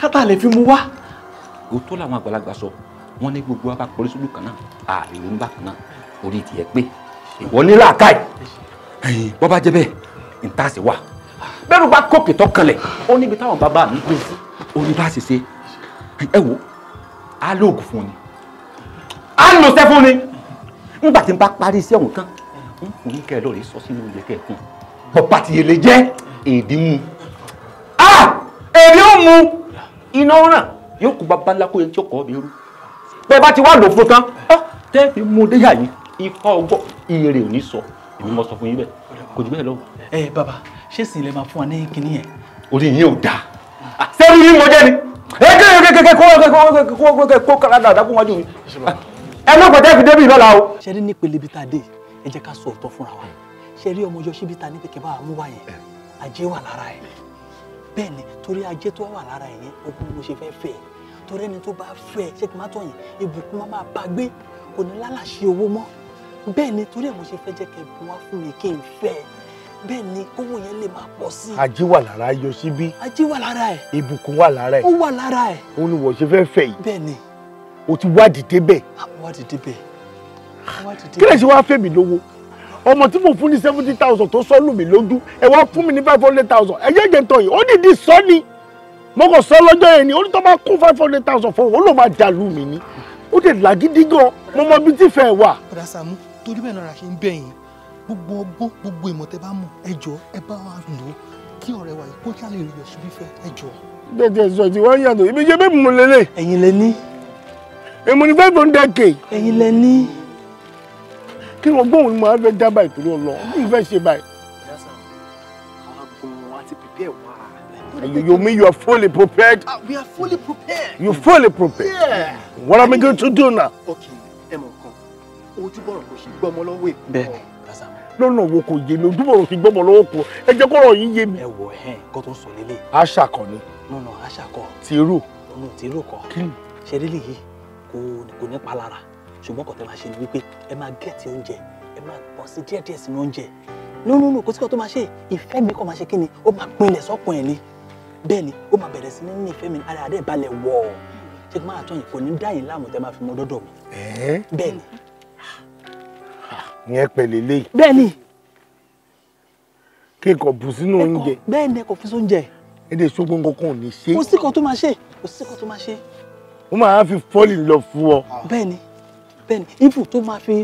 kátà lè fi mú wá. òótọ́ làwọn àgbàlagbà sọ wọ́n ní gbogbo abá pọ̀lì sódù kan náà ààrùn ńlá kan náà orí tiẹ̀ pé ìwọ ní làákàyè ẹ̀yìn bá jẹ́ bẹ́ẹ̀ ìtaṣẹ̀ wà bẹ́ẹ̀ ló bá kókè tó ó níbi táwọn bàbá mi gbé sí orí bá ṣe ṣe ẹ wò á lóògùn fún ni á lò sẹ́ fún ni nígbà tí n bá parí iṣẹ́ òun tán n kò ní kẹ́ ẹ lọ́ọ̀rẹ́ sọ sínú ilé kẹ́ẹ̀kan bọ̀pá ti yẹlẹ jẹ́ èdè mu èdè ó mu iná ràn yóò kú bàbá ńlá kó yẹn tí ó kọ́ mi rú bẹ́ẹ̀ bá ti wá lò fún tán tẹ́ fi mú déyà yìí ikọ́ ọgbọ́ ire ò ní sọ èmi mo sọ fún yín bẹ́ẹ̀ kò jù bẹ́ẹ̀ lọ. ẹ bàbá ṣé sì lè máa fún wa ní kinní yẹn. orí yín ò dáa sẹ́rù yín mo jẹ́ ni èké kékeré kó kó kó kó kàlàdà dákú wájú mi ẹ má pàtẹ́ fi débi lọ́la o. ṣe rí ní pele bíi ta dé ẹ jẹ́ ká sọ ọ̀tọ̀ fúnra wa ṣe rí ọmọ yọṣí bíi ta ní kẹ̀kẹ́ bá mú wá yẹn ajé wà lára ẹ̀ bẹ́ẹ̀ ni torí ajé tó wà lára ẹ̀ yẹn ogun mo ṣe fẹ́ fẹ́ ẹ̀ torí ẹni tó bá fẹ́ ẹ̀ ṣé kí n má tọ̀ yẹn ìbùkún má bẹ́ẹ̀ ni owó yẹn lè máa pọ̀ sí. ajé wà lára yọ síbí. ajé wà lára ẹ̀. ìbùkún wà lára ẹ̀. ó wà lára ẹ̀. òun ni wọ́n ṣe fẹ́ fẹ́ yìí. bẹ́ẹ̀ ni. o ti wádìí débẹ̀. wádìí débẹ̀. kí lè ṣe wá fẹ́ mi lówó ọmọ tí mo fún ní seventy thousand tó sọ lù mí lójú ẹ wá fún mi ní five hundred thousand ẹ jẹ́jẹ́ tọ̀ yìí ó dìdí sọ ni mo kàn sọ lọ́jọ́ yẹn ni ó ní tó bá kún five hundred thousand fún òun ó lò ni ó dẹ̀ làgídí gan mo mọ ibi tí fẹ́ wà. bùrọ̀dá gbogbo ọgbọ́n gbogbo ìmọ̀ tẹ bá mọ̀ ẹ ẹ bá wa lò ó kí ọ̀rẹ́ wa yìí kó kí a lè rí yọ síbí fẹ́ ẹ jọ. dẹ̀dẹ̀ sọ ibi jẹ́ bẹ́ẹ̀ mú lélẹ̀. ẹ̀yin lẹ ní. èmi ní fẹ́ẹ́ tó ń dẹ́kẹ̀. lẹ ní. kí wọn gbóhùn ni màá fẹ́ dábàá ìtòló lọ mi fẹ́ ṣe báyìí. You, you mean you are fully prepared? Uh, we are fully prepared. You're fully prepared? Yeah. What am I going to do now? Okay, Emo, come. Ohun tí bọ̀rọ̀ kò ṣe gbọ́mọ lọ́wọ́ lọ́nà wo kò yé mi ojúbọ̀rọ̀ fi gbọ́mọ lọ́wọ́ kó ẹ jẹ́ kọ́rọ̀ yín yé mi. ẹ wò ẹ kó tó ń sọ lélẹ̀. àṣà kan ni. nùnà àṣà kọ. tìrò. nùnà tìrò kọ. kí ni. ṣe lílì yìí kò kò ní pa lára ṣùgbọ́n kò tẹ́ máa ṣe ni wípé ẹ máa gẹ̀ẹ́tì oúnjẹ ẹ máa pọ̀ sí díẹ̀díẹ̀ sínú oúnjẹ nínú kò sí kan tó máa ṣe ìfẹ́ mi kò máa ṣe kí ni ó máa pinlẹ̀ sọ́kùn ẹ̀ ni bẹ́ẹ̀ ni ó máa bẹ̀rẹ̀ sí ní ní ìfẹ́ mi ara rẹ̀ balẹ̀ wọ̀ ṣé kí máa tọ́ kò ní dá yìí láàmú tẹ́ máa fi mọ́ dọ́dọ̀ mi bẹ́ẹ̀ ni ìyẹn pẹ̀lẹ́ léyìí. bẹ́ẹ̀ni. kí ẹ̀kọ́ bù sínú oúnjẹ. bẹ́ẹ̀ni ẹ̀kọ́ fi sóúnjẹ. èdè ṣógun kankan ò ní ṣe. kò sí kan tó máa ṣe kò sí kan tó máa ṣe. ó máa fi fall in love fún ọ. bẹ́ẹ̀ni bẹ́ẹ̀ni ibù tó máa fi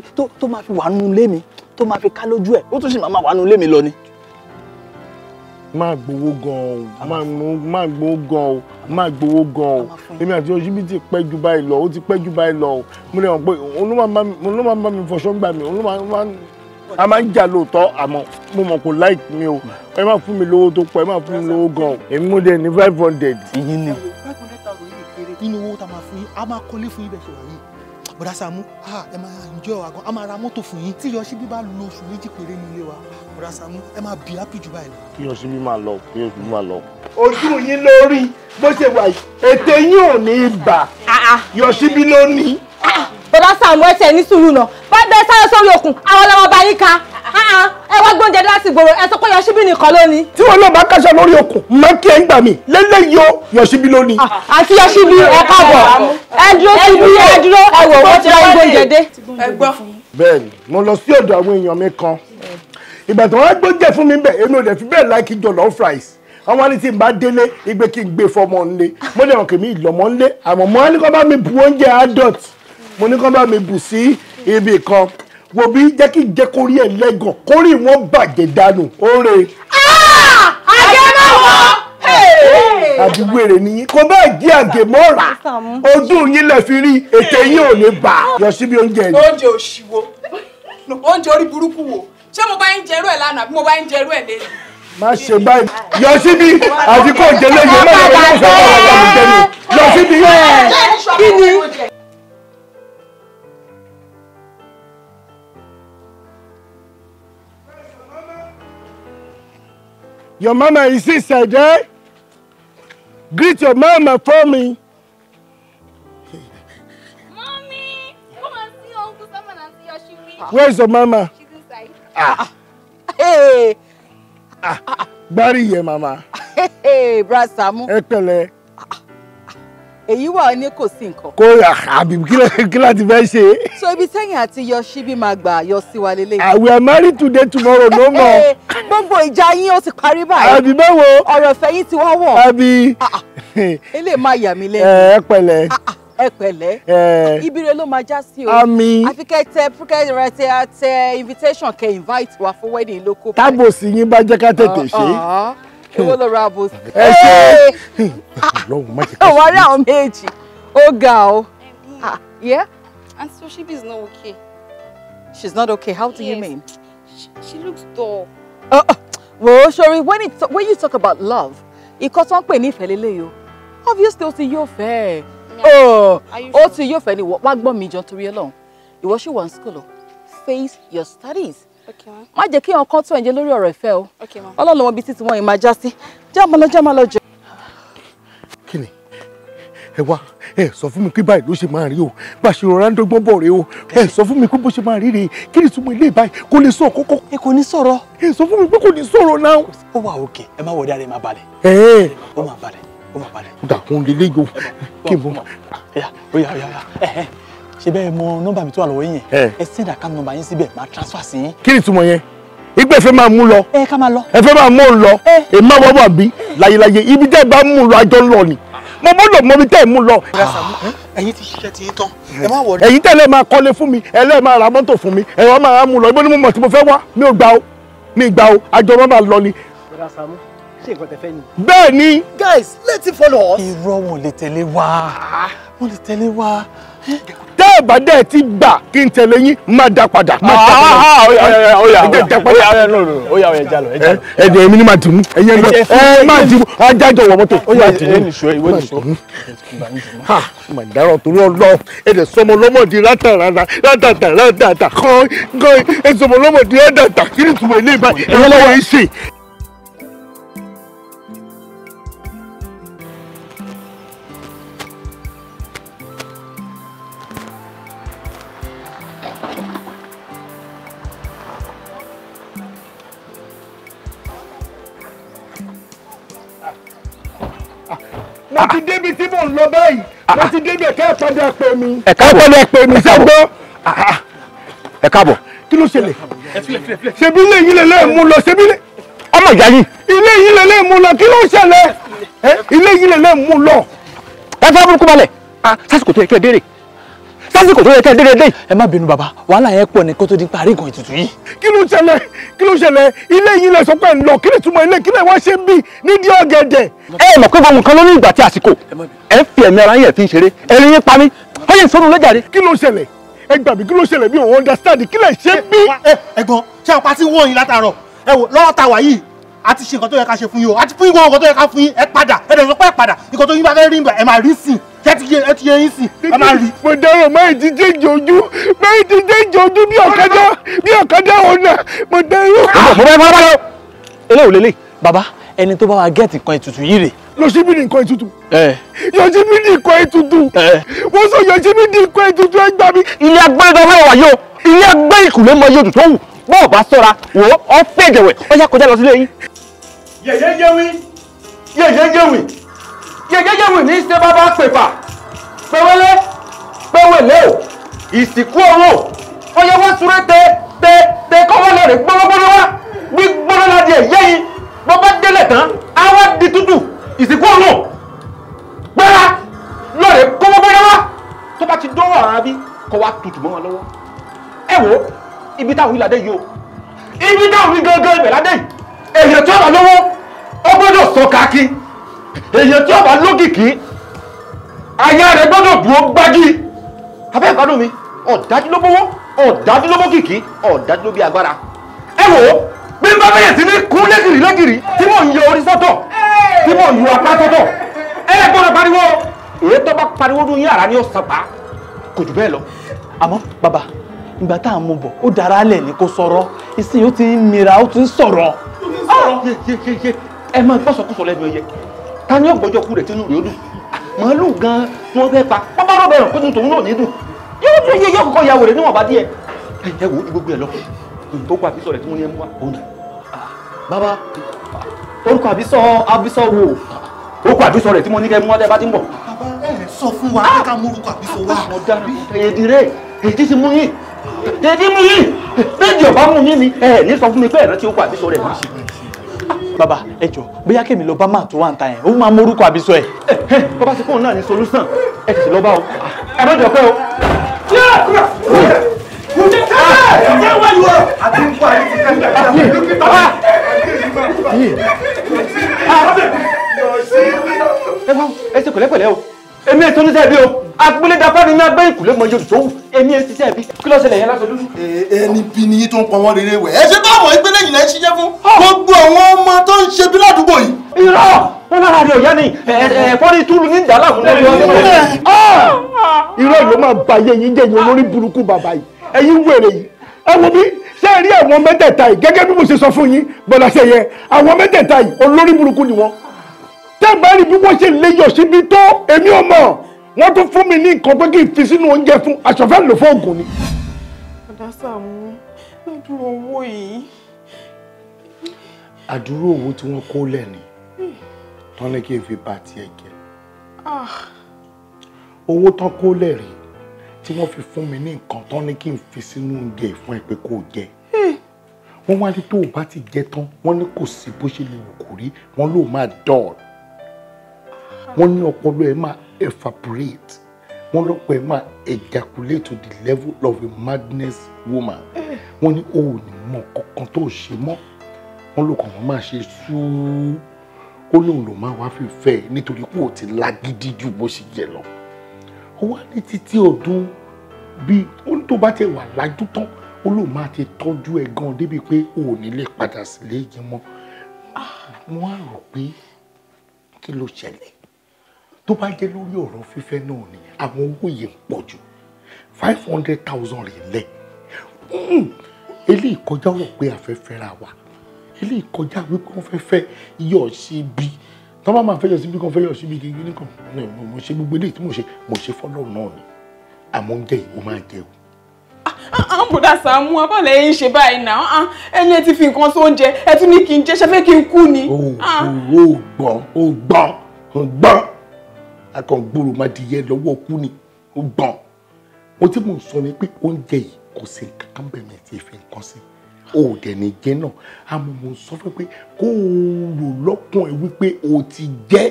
tó máa fi wà nù lé mi tó máa fi ká lójú ẹ̀ ó tún sì máa wà nù lé mi lọ ni máa gbowó gan o máa gbowó gan o máa gbowó gan o èmi àti Oṣibí ti pẹ́ jù báyìí lọ ó ti pẹ́ jù báyìí lọ o mo lè mọ̀ pé òun ló máa ń bá mi fọṣọ gbà mí òun ló máa ń a máa ń jà lóòótọ́ àmọ́ mo mọ̀ kò like mi o ẹ má fún mi lówó tó pọ̀ ẹ má fún mi lówó gan o èmi mo dẹ̀ ní five hundred. ìyín ni. five hundred thousand yìí kéré nínú owó tá a máa fún yín a máa kọ́lé fún yín bẹ́ẹ̀ ṣe wà bọ̀dá Sàámú ah, ẹ máa enjoy wa gan a máa ra mọ́tò fún yín tí Yọ̀ṣíbí bá lo oṣù méjì péré ní ilé wa bọ̀dá Sàámú ẹ máa bí happy jù báyìí lọ. kí Yọ̀ṣíbí máa lọ kí Yọ̀ṣíbí máa lọ. ojú yín lórí bó ṣe wà yìí ètè yín ò ní bà ah, ah. Yọ̀ṣíbí ló ní. bọ̀dá Sàámú ẹ tẹ̀ ní sùúrù náà bá bẹ́ẹ̀ sáré sórí òkun àwọn ọlọ́mọba yín ká Ah, ẹ wá gbóúnjẹ dá sí gbòòrò ẹ sọ pé yọṣíbí nìkan ló ní. tí wọn náà bá kàṣà lórí okùn má kí ẹ ń gbà mí lélẹyìí o yọṣíbí ló ní. Ah, àti yọṣíbí ẹ káàbọ̀ ẹ dúró síbi ẹ dúró ẹ wò wọ́n ti wá gbóúnjẹ dé. bẹ́ẹ̀ni mo lọ sí ọ̀dọ̀ àwọn èèyàn mi kan ìgbà tí wọn gbóúnjẹ fún mi bẹ́ẹ̀ èmi ò dẹ fi bẹ́ẹ̀ láìkí jollof rice wọn wá ní tí n bá délé igbe kí n gbé fọmọ nlé mo dẹ̀ wọ́n kì mí ìlọ́mọ nlé àmọ́ mo wá ní kó mi bu adult mo ní kó bá mi bù wò bí jẹ́ kí jẹ́ kórí ẹ̀ lẹ́gàn kórì wọn bàjẹ́ dànù oore. Ah! àgẹ̀mọ̀wọ̀ àdúgbò èrè nìyí kò bá jí àgẹ̀mọ̀ rà ojú yín lè fi rí ètè yín ò ní bà yọ síbi oúnjẹ yìí. oúnjẹ òṣìwò oúnjẹ orí burúkú wo ṣé mo bá ń jẹrú ẹ lánàá àbí mo bá ń jẹrú ẹ lẹ́yìn má ṣe báyìí yọ síbi àti kò jẹ lẹ́yìn lọ́wọ́ yẹn lọ́wọ́ fẹ́ bá wà lọ́wọ́ jẹ ni yọ síbi. kí ni Your mama is inside, eh? Greet your mama for me. Mommy, come and see Uncle Simon and see Yoshimi. Where's your mama? She's inside. Ah. ah. Hey. Ah. Bury your mama. Hey, brother Samu. Ẹ èyí wà ní kò sí nǹkan. kó àbí kí láti fẹ́ ṣe. so ibi sẹ́yìn àti yọ síbí máa gbà yọ sí wa lélẹ̀. we are married today tomorrow no more. gbogbo ìjà yín ó ti parí báyìí. àbí báwo. ọ̀rọ̀ ìfẹ́ yín ti wá wọ̀. àbí. Ah, ah. eléyìí máa yà mí lẹ́nu. Eh, ẹ pẹ̀lẹ́ ah, ẹ pẹ̀lẹ́ eh. ibire ló máa já sí o àmín àfi kẹ fúkẹ rẹ tẹ invitation kẹ invite wa fún wedding lóko. tábòsí yín bá jẹ́ ká tètè ṣe owó lọ ra bó. ẹ ṣe Ọlọ́run má jẹ ah, ká oh, ṣe. wọ́n rí àwọn méjì ó ga o. Ah, yeah. and so she is not okay. she's not okay how do yes. you mean. she, she looks dull. Oh, oh. well, sori when it when you talk about love ikọ́ tó ń pè ní ìfẹ́ lélẹ́yìí o obviously o ti yóò fẹ́ ẹ̀ o ti yóò fẹ́ ni wọ́n gbọ́ mi jọ torí ẹ lọ́hùn ìwọ ṣì wà ní school o face your studies má jẹ́ kí ọkàn tó ẹ̀jẹ̀ lórí ọ̀rọ̀ ìfẹ́ o ọlọ́run wọn bíi títí wọn yìí máa já sí jáàmọ́ lọ jáàmọ́ lọ jọ. kí ni ẹ wá ẹ sọ fún mi pé báyìí ló ṣe máa rí o bá ṣe rọra ń dọ́gbọ́n bọ̀ rẹ o ẹ sọ fún mi pé bó ṣe máa rí rèé kí ni túmọ̀ ilé ìbáyìí kò lè sọ kókó. ẹ kò ní sọ̀rọ̀. ẹ sọ fún mi pé kò ní sọ̀rọ̀ náà. ó wà òkè ẹ má wọlé ara ẹ má balẹ̀. ẹ ẹ ó má balẹ̀ ó má balẹ̀. dàkún lélẹ́yìn o kí n bọ̀. ó yá ó yá ó yá ẹ ẹ ṣe bẹ́ẹ̀ mọ nọ́mbà mi tó wà lọ́wọ́ yín yẹn ẹ send account number yín síbẹ̀ máa transfer sí yín. kí ni ìtumọ̀ yẹn ìgbẹ́ fẹ́ máa mú lọ ẹ fẹ́ máa mú un lọ ẹ má wá wà bí láyéláyé ibi tẹ́ ẹ bá mú un lọ àjọ lọ ni mo gbọ́dọ̀ mọ ibi tẹ́ ẹ mú un lọ. ẹ̀yin ti ṣiṣẹ́ ti tán ẹ má wọlé. ẹ̀yin tẹ́lẹ̀ máa kọ́lé fún mi ẹlẹ́ máa ra mọ́tò fún mi ẹ̀rọ máa mú un lọ ibo ni mo mọ̀ tí mo fẹ́ wá mi ò gbà o mi gbà o àjọ máa lọ ni. bẹ́ẹ̀ ni. guys let's follow us. irọ́ wọn lè tẹ̀lé wa ah. wọn lè tẹ̀lé wa tẹ́ ẹ̀ bá dẹ̀ ti gbà kí n tẹ̀lé yín má dá padà. Ah, ah, ah, ẹ̀dẹ̀ èmi ni màá dì mú ẹ̀yẹ́ lọ ẹ̀ máa dì mú ajájọ wọ mọ́tò. màdàrọ̀ torí ọlọ ẹ̀dẹ̀ sọmọ lọ́mọdé látàràrà látàtà látàtà kọ́ ẹ̀ sọmọ lọ́mọdé látàtà kí ni tùmọ̀ ilé ìbá ẹ̀yẹ́ lọ́wọ́ ẹ̀ ṣe. mo ti débi tí mò ń lọ báyìí mo ti débi ẹ̀ka ìpadà pè mí ẹ̀ka ìpadà pè mí sẹ́gbọ́. ẹ káàbọ̀. kí ló ṣẹlẹ̀ ṣebí ilé yìí lè lè mú lọ ṣebí lè. ọmọ ìyá yìí. ilé yìí lè mú lọ kí ló ṣẹlẹ̀ ilé yìí lè mú lọ. ẹ fẹ́ burúkú balẹ̀ ah, sásìkò tó yẹ kí ẹ dé rè sásìkò tó yẹ kẹ́ ẹ dédé dé ẹ má bínú bàbá wàhálà yẹn pọ̀ ní kó tó di parí nǹkan ètùtù yìí. kí ló ṣẹlẹ̀ kí ló ṣẹlẹ̀ ilé yìí lẹ sọ pé ń lọ kí lè túmọ̀ ilé kí lè wá ṣe ń bì nídìí ọ̀gẹ̀dẹ̀. ẹ mọ̀ pé gbogbo nǹkan ló ní ìgbà tí àsìkò ẹ fi ẹ̀mí ara yẹn fi ń ṣeré ẹni yín pa mí ó yẹ ìsọnù lẹ́jàre. kí ló ṣẹlẹ̀ ẹ gbà mí kí ló understand kí lè ṣe ń bì. ẹ̀gbọ́n ṣé àpá tí wọ́n yín látàárọ̀ ẹ a ti ṣe nǹkan tó yẹ ká ṣe fún yín o a ti fún yín gbogbo nǹkan tó yẹ ká fún yín ẹ padà ẹ dẹ̀ sọ pé ẹ padà nǹkan tó yín bá fẹ́ rí ẹ máa rí sìn ẹ ti yẹ ẹ ti yẹ yín sìn ẹ máa rí. mo dárò máa ti jẹ́jẹ́ ojú máa ti jẹ́jẹ́ ojú bí ọ̀kadà bí ọ̀kadà ọ̀nà mo dárò. mo bẹ fọlá báyọ. eléwo lélẹ̀ baba ẹni tó bá wa gẹ́ẹ̀tì kan ètùtù yìí rè. yọ̀síbìdì nǹkan ètùtù. yọ̀síbìdì nǹkan ètùtù. wọ́n sọ yọ̀síbìdì nǹkan ètùtù ẹ gbà mí. ilé agbẹ́rẹ́ tó fẹ́ wà yóò ilé agbẹ́ ìkùlé mọ yóò tó wù bọ́ọ̀ bá sọ́ra wò ó fẹ́ jẹ̀wẹ̀ ó yá kọjá lọ sílé yín yẹ̀yẹ́ yẹ̀wì yẹ̀yẹ́ yẹ̀wì yẹ̀yẹ́ yẹ̀wì ní ṣe bàbá pèpà pẹ̀wẹ́lẹ́ pẹ̀wẹ́lẹ́ o ìsìnkú ọ̀rọ̀ ó yẹ wọ́n súré tẹ tẹ tẹ kọ́wọ́ lọ́rẹ̀ gbọ́ngbọ́n wá gbígbọ́n láti ẹ̀yẹ́ yìí bọ́ délẹ̀ tán á di tútù ìsìnkú ọ̀rọ̀ gbára lọ́rẹ̀ gbọ́ngbọ́n wá tó bá ti dánwò àwọn abí kọ́ wá tutù mọ́ wọn lọ́wọ́ ẹ wo ibi táwọn ìlàdé yìí o ibi táwọn ìgangan ìbẹ̀ yìí èyàn tí ó bá lówó ó gbọ́dọ̀ sọ káàkì èyàn tí ó bá lókìkí aya rẹ̀ gbọ́dọ̀ dúró gbági abẹ́ mi ọ̀dájú ló gbówó ọ̀dájú ló gbókìkí ọ̀dájú ló bí agbára ẹ wò ó bí n bá bẹ̀rẹ̀ sí ní kún lẹ́gìrì lẹ́gìrì tí mò ń yọ orí sọ́tọ̀ tí mò ń yọ apá sọ́tọ̀ ẹ lè gbọ́dọ̀ pariwo èyí tó bá pariwo dún yín àrà ni ó sàpá kò jù bẹ́ẹ̀ lọ àmọ́ bàbá ìgbà tá à ń mú bọ̀ ó dára lẹ̀ ní kó sọ̀rọ̀ ìsìn ó ti ń mira ó ti ń sọ̀rọ̀ ah! ẹ máa gbọ́sọ̀kúsọ̀ lẹ́nu ẹyẹ ta ni ọ̀gbọ́jọ́ kú rẹ̀ tínú rẹ̀ ó dùn màálù gan ni wọ́n fẹ́ pa pápárọ̀ bẹ̀rẹ̀ kó tún tòun náà ní dùn yóò fi ẹyẹ yóò kọ́kọ́ ya wèrè níwọ̀nba díẹ̀ ẹ wo gbogbo ẹ lọ tó kọ àbísọ̀ rẹ̀ tí wọ́n ní ẹ mú wa òun bàbá orúkọ àbísọ̀ àbísọ̀ wo orúkọ àbísọ̀ rẹ̀ tí wọ́n ní kẹ́ mú wa tẹ́ bá ti ń bọ̀. bàbá ẹ sọ fún wa ká mú orúkọ àbísọ̀ wa. ọ̀dà èdè rẹ̀ èdè ti mú yín dèdí mú yìí méjì ọba mú yín ni ẹ ní sọ fún mi pé ẹ̀rọ tí ó kọ àbísọ rẹ̀ máa ṣe. bàbá ẹ jọ bóyá kèmi lọ bá máa tó wà ń ta yẹn ó máa mórúkọ àbísọ ẹ. bàbá ti fóun náà ní solúsàn ẹ tètè lọ bá o ẹ má jọ pé o. ẹ ṣe pẹ̀lẹ́pẹ̀lẹ́ o èmi ètò oníṣẹ́ ibi o agbélédapá ni mi abẹ́ ìkùlé mọ yóò tó wù èmi ètò iṣẹ́ ibi kí ló ṣẹlẹ̀ yẹn lásán lójú. ẹni bí ni yín tó ń pọn wọn rere wẹ ẹ ṣe bá àwọn ìpínlẹ̀ yìí lẹ́yìn ṣiṣẹ́ fún ah! gbogbo àwọn ọmọ tó ń ṣe bí ládùúgbò yìí. irọ́ wọn lára rẹ̀ ọ̀yá ni ẹ̀fọ́rí túlù ní ìdálà fún lórí ọdún rẹ̀. Ah! irọ́ ló máa ba iye yín jẹ́ olórí burúkú bàbá yìí ẹ̀yin wèrè yìí ẹ wo bí ṣé ẹ rí àwọn mẹ́tẹ̀ẹ̀ta yìí gẹ́gẹ́ bí mo ṣe sọ fún yín gbọ́dọ̀ ṣe yẹ àwọn mẹ́tẹ̀ẹ̀ta yìí olórí burúkú ni wọ́n tẹ́ẹ̀bá rí bí wọ́n ṣe lè yọ̀ síbi tó èmi ò mọ̀ wọ́n tún fún mi ní nǹkan pé kí n fi sínú oúnjẹ fún aṣọ̀fẹ́ lò fún oògùn ni. àdásà mú ládùúrò owó yìí. àdúrò owó tí wọ́n kó lẹ̀ tán ní kí n fi bá tiẹ̀ jẹ́. Ah. owó tán kó lẹ̀ tí wọ́n fi fún mi ní nǹkan tán ní kí n fi sínú oúnjẹ ìfún ẹ pé kó jẹ hmm. wọ́n wá ní tó o bá ti jẹ tán wọ́n ní kò sí bó ṣe lè wù kó rí wọ́n ló máa dọ̀ọ́ wọ́n ní ọpọlọ ẹ̀ máa evaporate wọ́n lọ́pọ̀ ẹ̀ máa ejaculate to the level of a madness woman wọ́n ní o ò ní mọ kankan tó ṣe mọ́ wọ́n ló kàn wọ́n máa ṣe súú ó lóun ló máa wá fífẹ́ nítorí pé o ti lágídí ju bó ṣe yẹ lọ ó wá ní títí ọdún bíi ó ní tó bá ti wà lájú tán ó lóun máa ti tọ́jú ẹ̀ gan débi pé o ò ní lè padà sílé yìí mọ́ ah, wọ́n á rò pé kí ló ṣẹlẹ̀ tó bá jẹ́ lórí ọ̀rọ̀ fífẹ́ náà ni àwọn owó yẹn pọ̀ jù five hundred thousand rẹ̀ lẹ̀ hmm. eléyìí kọjá wọ̀ pé àfẹ́fẹ́ ra wa eléyìí kọjá wípé wọ́n fẹ́ fẹ́ yọ̀ sí bí tó bá máa fẹ́ yọ̀ sí bí kan fẹ́ yọ̀ sí bí kékeré kan mo ṣe gbogbo eléyìí tí mo ṣe mo ṣe fọ́lọ́ náà ni àmọ́ oúnjẹ yìí ó máa jẹ o àwọn ah, ah, bòdà Sàámú abọ́lẹ̀ yìí ń ṣe báyìí náà ah, ẹni ẹ ti fi nǹkan tó ń jẹ ẹ tún ní kí n jẹ ṣẹfẹ́ kí n kú ni. o ò gbọ́n o gbọ́n o gbọ́n akọ̀ǹgbòrò máa di yẹ lọ́wọ́ kú ni ó gbọ̀n mo tí mò ń sọ ni pé oúnjẹ yìí kò sí nǹkan kan bẹ̀rẹ̀ tí èéfín kan sí o ò dẹ̀ ní jẹ́ náà àmọ́ mo ń sọ fún pé kó o rò lọ́kàn ẹ̀ wípé o ti jẹ́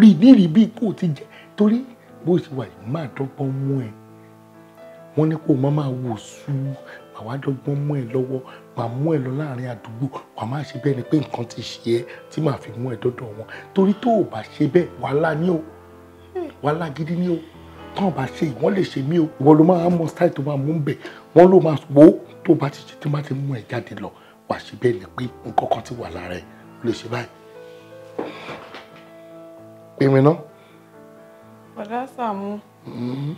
rí nírì bíi kó o ti jẹ́ torí bó ṣe wà yìí máa dọ́gbọ́n mú ẹ wọ́n ní kó o má máa wò sùn àwa dọ́gbọ́n mú ẹ lọ́wọ́ màá mú ẹ lọ láàrin àdúgbò wàá má ṣe bẹ́ẹ̀ ni pé nǹkan ti ṣe ẹ́ tí màá fi mú ẹ dọ́dọ̀ wọn torí tó o bá ṣe bẹ́ẹ̀ wàhálà ni o wàhálà gidi ni o tán bá ṣe ìwọ́n lè ṣe mí o ìwọ ló máa mọ style tó máa mú bẹ̀ wọ́n ló máa wò ó tó bá ti ṣe tí wọ́n ti mú ẹ jáde lọ wàá ṣe bẹ́ẹ̀ ni pé nǹkan kan ti wà lára ẹ o lè ṣe báyìí. pèmí náà. bọ̀dá Sàámú. Mm-hmm.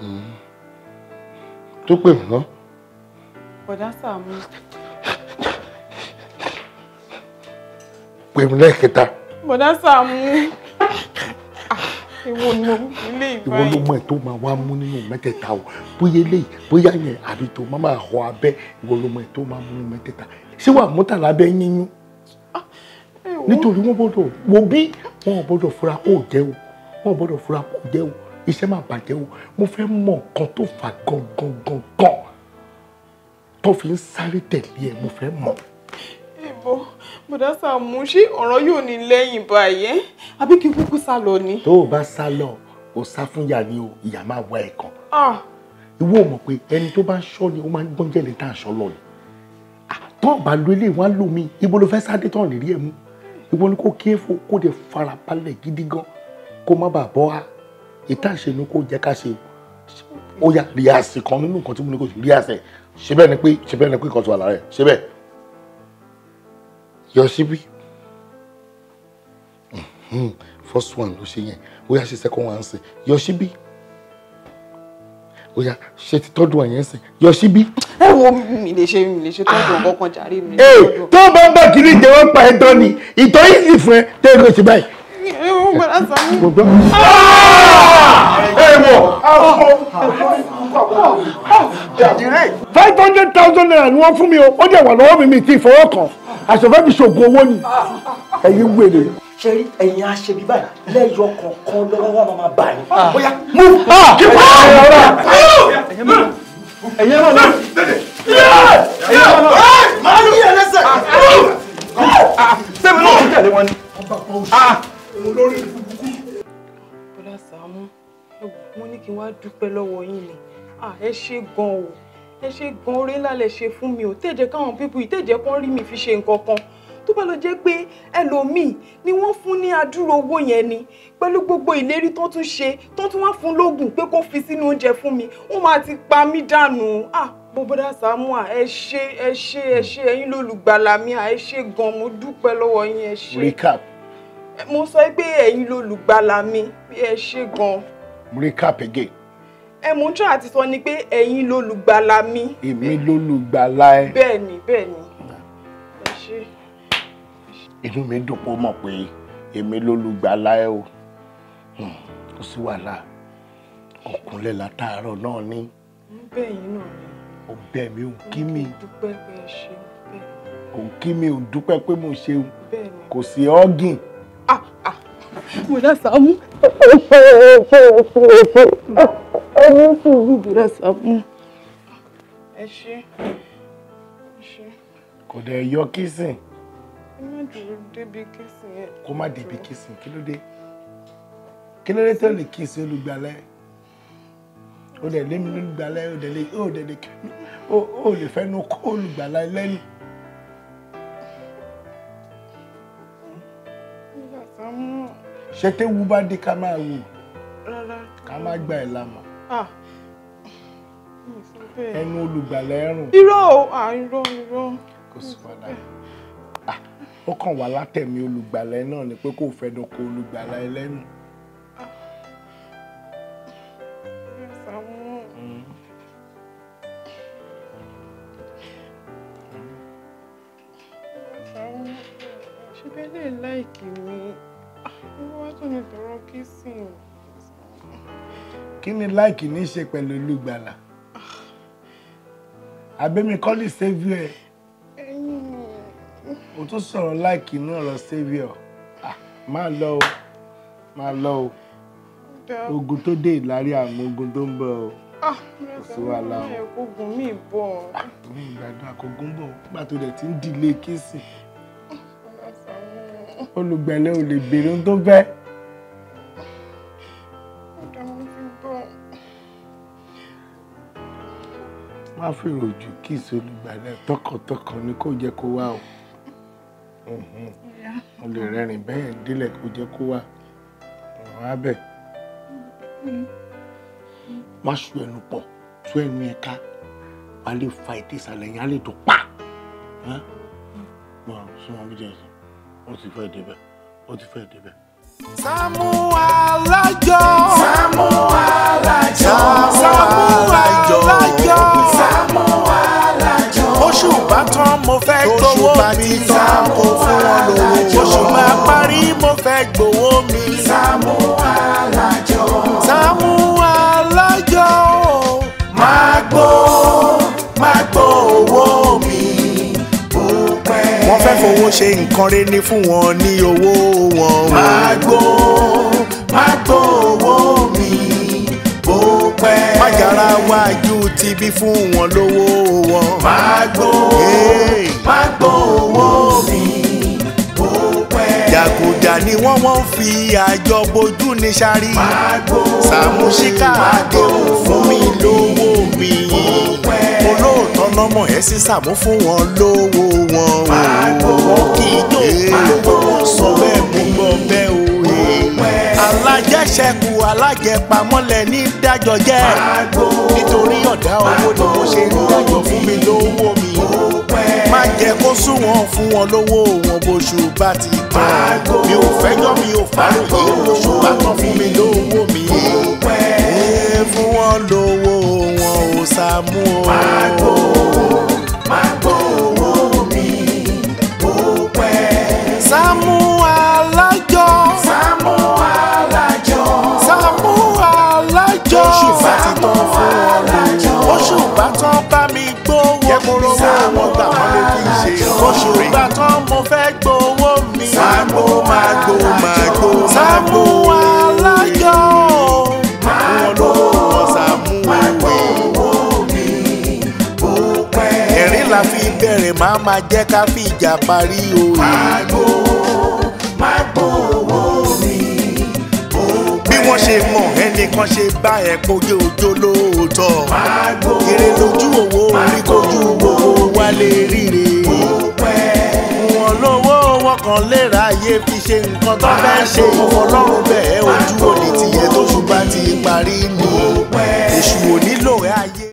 Mm-hmm. tó pèmí náà bọ̀dá Sàámú. pè mí lẹ́ẹ̀kẹta. bọ̀dá Sàámú ìwọ ni mo ilé ìbáyìí. ìwọ ló eh. mọ ètò máa wá mú nínú mẹ́tẹ̀ẹ̀ta o bóyá eléyìí bóyá yẹn àlejò má máa họ abẹ́ ìwọ ló mọ ètò máa mú nínú mẹ́tẹ̀ẹ̀ta ṣé wàá mú tàlà abẹ́ yíyún ah, nítorí wọ́n gbọ́dọ̀ wo bí wọn ò gbọ́dọ̀ fura kó jẹ́ o wọn ò gbọ́dọ̀ fura kó jẹ́ o iṣẹ́ máa bàjẹ́ o mo fẹ́ mọ nǹkan tó fà gangan gangan tó fi ń sáré tẹ̀lé ẹ mo fẹ́ mọ̀. ìbò bùdá Sàámú ṣé ọ̀rọ̀ yóò ní lẹ́yìn báyẹn àbí kí kúkú sá lọ ni. tó o bá sá lọ o sá fún ìyá ni o ìyá máa wá ẹ kàn. ìwọ mọ̀ pé ẹni tó bá ń ṣọ́ ni ó máa ń gbọ́njẹ́ lè tá ń ṣọ́ lọ ni. tó o bá lo ilé ìwà lò mí ibo ló fẹ́ sáré tán nírí ẹ mú ìwọ ni kò kéèfó kó dé farabalẹ̀ gidi gan kó má bàa bọ́ a ìtàṣe ni kó jẹ́ ká ṣe ó yà rí àsè kan nínú nǹkan tí mo ní kò rí àsè ṣe bẹ́ẹ̀ ni pé ṣe bẹ́ẹ̀ ni pé kan tó wà lára ṣe bẹ́ẹ̀ yọ síbí mm-hmm. first one ló ṣe yẹn ó yá ṣe second one sí yọ síbí ó yá ṣe ti tọ́jú ẹ̀ yẹn sí yọ síbí. ẹ wo mi lè ṣe mi lè ṣe tọ́jú ọkọ̀ kan jàre mi. Eh, tó o bá ń bá kiri jẹ́wọ́ pa ẹ̀ tán ni ìtọ́ yìí sì fún ẹ tó o lè ṣe báyìí ẹ̀wọ̀n gbọ́dá sàmú. gbogbo. ẹ̀wọ̀n. five hundred thousand naira ni wọ́n fún mi o ó dẹ̀ wà lọ́wọ́ mi mi ti fọwọ́ kàn àṣọfẹ́ fi ṣògùn owó ni ẹ̀yin wèrè ṣe rí ẹ̀yin aṣebi báyìí lẹ́yọ kọ̀ọ̀kan lọ́wọ́ wa máa bá yín. bóyá mú kí wọ́n á yọ ọ́ra. ẹ̀yin náà lọ. ẹ̀yin náà lọ. máa ń yí ẹ lẹ́sẹ̀. sẹ́mi náà ń tẹ̀lé wọn ni olórí burúkú. bọ́lá Sàámú ẹ ní kí n wá dúpẹ́ lọ́wọ́ yín ni ẹ ṣe gan o ẹ ṣe gan oore ńlá lẹ ṣe fún mi ò tẹ̀jẹ̀ káwọn pípù ìtẹ̀jẹ̀ kan rí mi fi ṣe nǹkan kan tó bá lọ jẹ́ pé ẹlòmíì ni wọ́n fún ní adúrò owó yẹn ni pẹ̀lú gbogbo ìlérí tó tún ṣe tó tún wá fún lóògùn pé kó fi sínú oúnjẹ fún mi wọ́n máa ti pa mí dànù bọ́bọ́dá Sàámú ẹ ṣe ẹ ṣe ẹ ṣe ẹ̀yin lólùgbàlà mi ẹ ṣe gan mo dúpẹ́ lọ́wọ́ yín ẹ ṣe. recap mo sọ pé ẹ̀yin lolùgbàlà mi bí ẹ ṣe gan. recap again. ẹ mú jọ àti sọ ni pé ẹ̀yin lolùgbàlà mi. èmi lolùgbàlà ẹ. bẹ́ẹ̀ni bẹ́ẹ̀ni ẹ ṣe. inú mi dùn pé ó mọ̀ pé èmi lolùgbàlà ẹ o hmm, kò sí wàhálà ọkùnrin látàárọ̀ náà ni. bẹ́ẹ̀yin náà ni. ọbẹ̀ mi ò kí mi. dúpẹ́ pé ẹ ṣe. kò kí mi ò dúpẹ́ pé mo ṣe kò sí ọ́gìn. Bùrọ̀dá Sàámú. Ẹni sùúrù Bùrọ̀dá Sàámú. Ẹ ṣe. Kò dẹ̀ yọ kìsìn. Ẹ má dúró débi kìsìn yẹn. Kó má débi kìsìn, kí ló dé? Kí ló dé tó lè kìsìn olùgbàlẹ̀? O dẹ̀ lé mi lólùgbàlẹ̀, o dẹ̀ lè kí o dẹ̀ lè kí o lè fẹ́ nu kó olùgbàlẹ̀ lẹ́yìn. ṣé téwu bá dé ká máa wò ká má gba ẹ̀ lámà ẹnu olùgbàlẹ̀ ẹ̀rùn. irọ́ o irọ́ irọ́. kò sí padà ó kàn wá látẹ̀mí olùgbàlẹ̀ náà ni pé kò fẹ́ dọ̀kọ̀ olùgbàlẹ̀ ẹlẹ́nu. ní láìkì ní í ṣe pẹ̀lú olùgbàlà àbẹ́mi kọ́lì saviour ẹ̀ o tún sọ̀rọ̀ láìkì ní ọ̀rọ̀ saviour ah, máa lọ o máa lọ o ogun tó dé ìlárí àmọ́ ogun tó ń bọ̀ o ah, kò sí wàhálà o ogun mi bọ̀ ah, mi ìgbàdúrà kò bọ̀ nígbà tó dẹ̀ ti ń dilé kí sí olùgbẹ̀lẹ̀ ò lè béèrè ohun tó fẹ́. fèròjù kí ìsolùgbàlẹ̀ tọkàntọkàn ni kò jẹ́ kó wá o mhm. mo lè rẹ́rìn bẹ́ẹ̀ délẹ̀ kó jẹ́ kó wá ọ̀rọ̀ abẹ má ṣu ẹnu pọ̀ tú ẹnu ẹ ká wàá lè fa ètè ìsàlẹ̀ yẹn á lè dùn pa mo sún wọn bí jẹ́ ẹ̀sìn ó ti fẹ́ débẹ̀ ó ti fẹ́ débẹ̀. Sàámú Alájọ Sàámú Alájọ Sàámú Alájọ. bá tán mo fẹ́ gbowó mi sá mo fún wọn lówó oṣù máa parí mo fẹ́ gbowó mi. Sàámú Alájọ. Sàámú Alájọ. máa gbó máa gbó owó mi púpẹ́. wọ́n fẹ́ fowó ṣe nǹkan rẹ̀ ní fún wọn ní owó wọn. máa gbó máa gbó owó mi púpẹ́. má yàrá wáyé ti bí fún wọn lówó wọn. Magbo magbo owó mi ó pẹ́. Jàgùjà ni wọ́n wọ́n fi àjọ bojú ní sáré. Magbo Sàmúsíkà àdé fún mi lówó mi. Olóòótọ́ lọ́mọ ẹ̀ sí Sàmú fún wọn lówó wọn. Magbo magbo sọ bẹ́ẹ̀ ẹlẹ́ṣẹ̀kù alájẹpamọ́lẹ̀ ní dájọ́ jẹ́ nítorí ọ̀dá owó ni mo ṣe ń dájọ́ fún mi lówó mi má jẹ́ kó sún wọn fún wọn lówó wọn bóṣù bá ti tán mi ò fẹ́jọ́ mi ò fàròyé lóṣù bá tán fún mi lówó mi fún wọn lówó wọn ò sàmú o. máa gbó owó mi ó pẹ́. sámú. oṣù gbà tán mo fẹ́ gbowó mi. Sáàmù máa gbó máa gbó máa gbó alájọ. Máa gbó Sáàmù owó mi ó pẹ́. Ẹ̀rín la fi bẹ̀rẹ̀ máa ma jẹ́ ká fi ìjà parí oyè. Máa gbó máa gbó owó mi ó pẹ́. Bí wọ́n ṣe mọ̀ ẹnìkan ṣe bá ẹ̀ kojú ojó lóòótọ́. Máa gbó èrè lójú òwò orí kojú owó wálé ríre kan léra ayé fi ṣe nǹkan tó fẹ́ ṣe ìwọ ọlọ́run bẹ́ẹ̀ ojú òní tìyẹ tó ṣùgbọ́n ti parí ni èṣù ò nílò ẹ̀ ayé.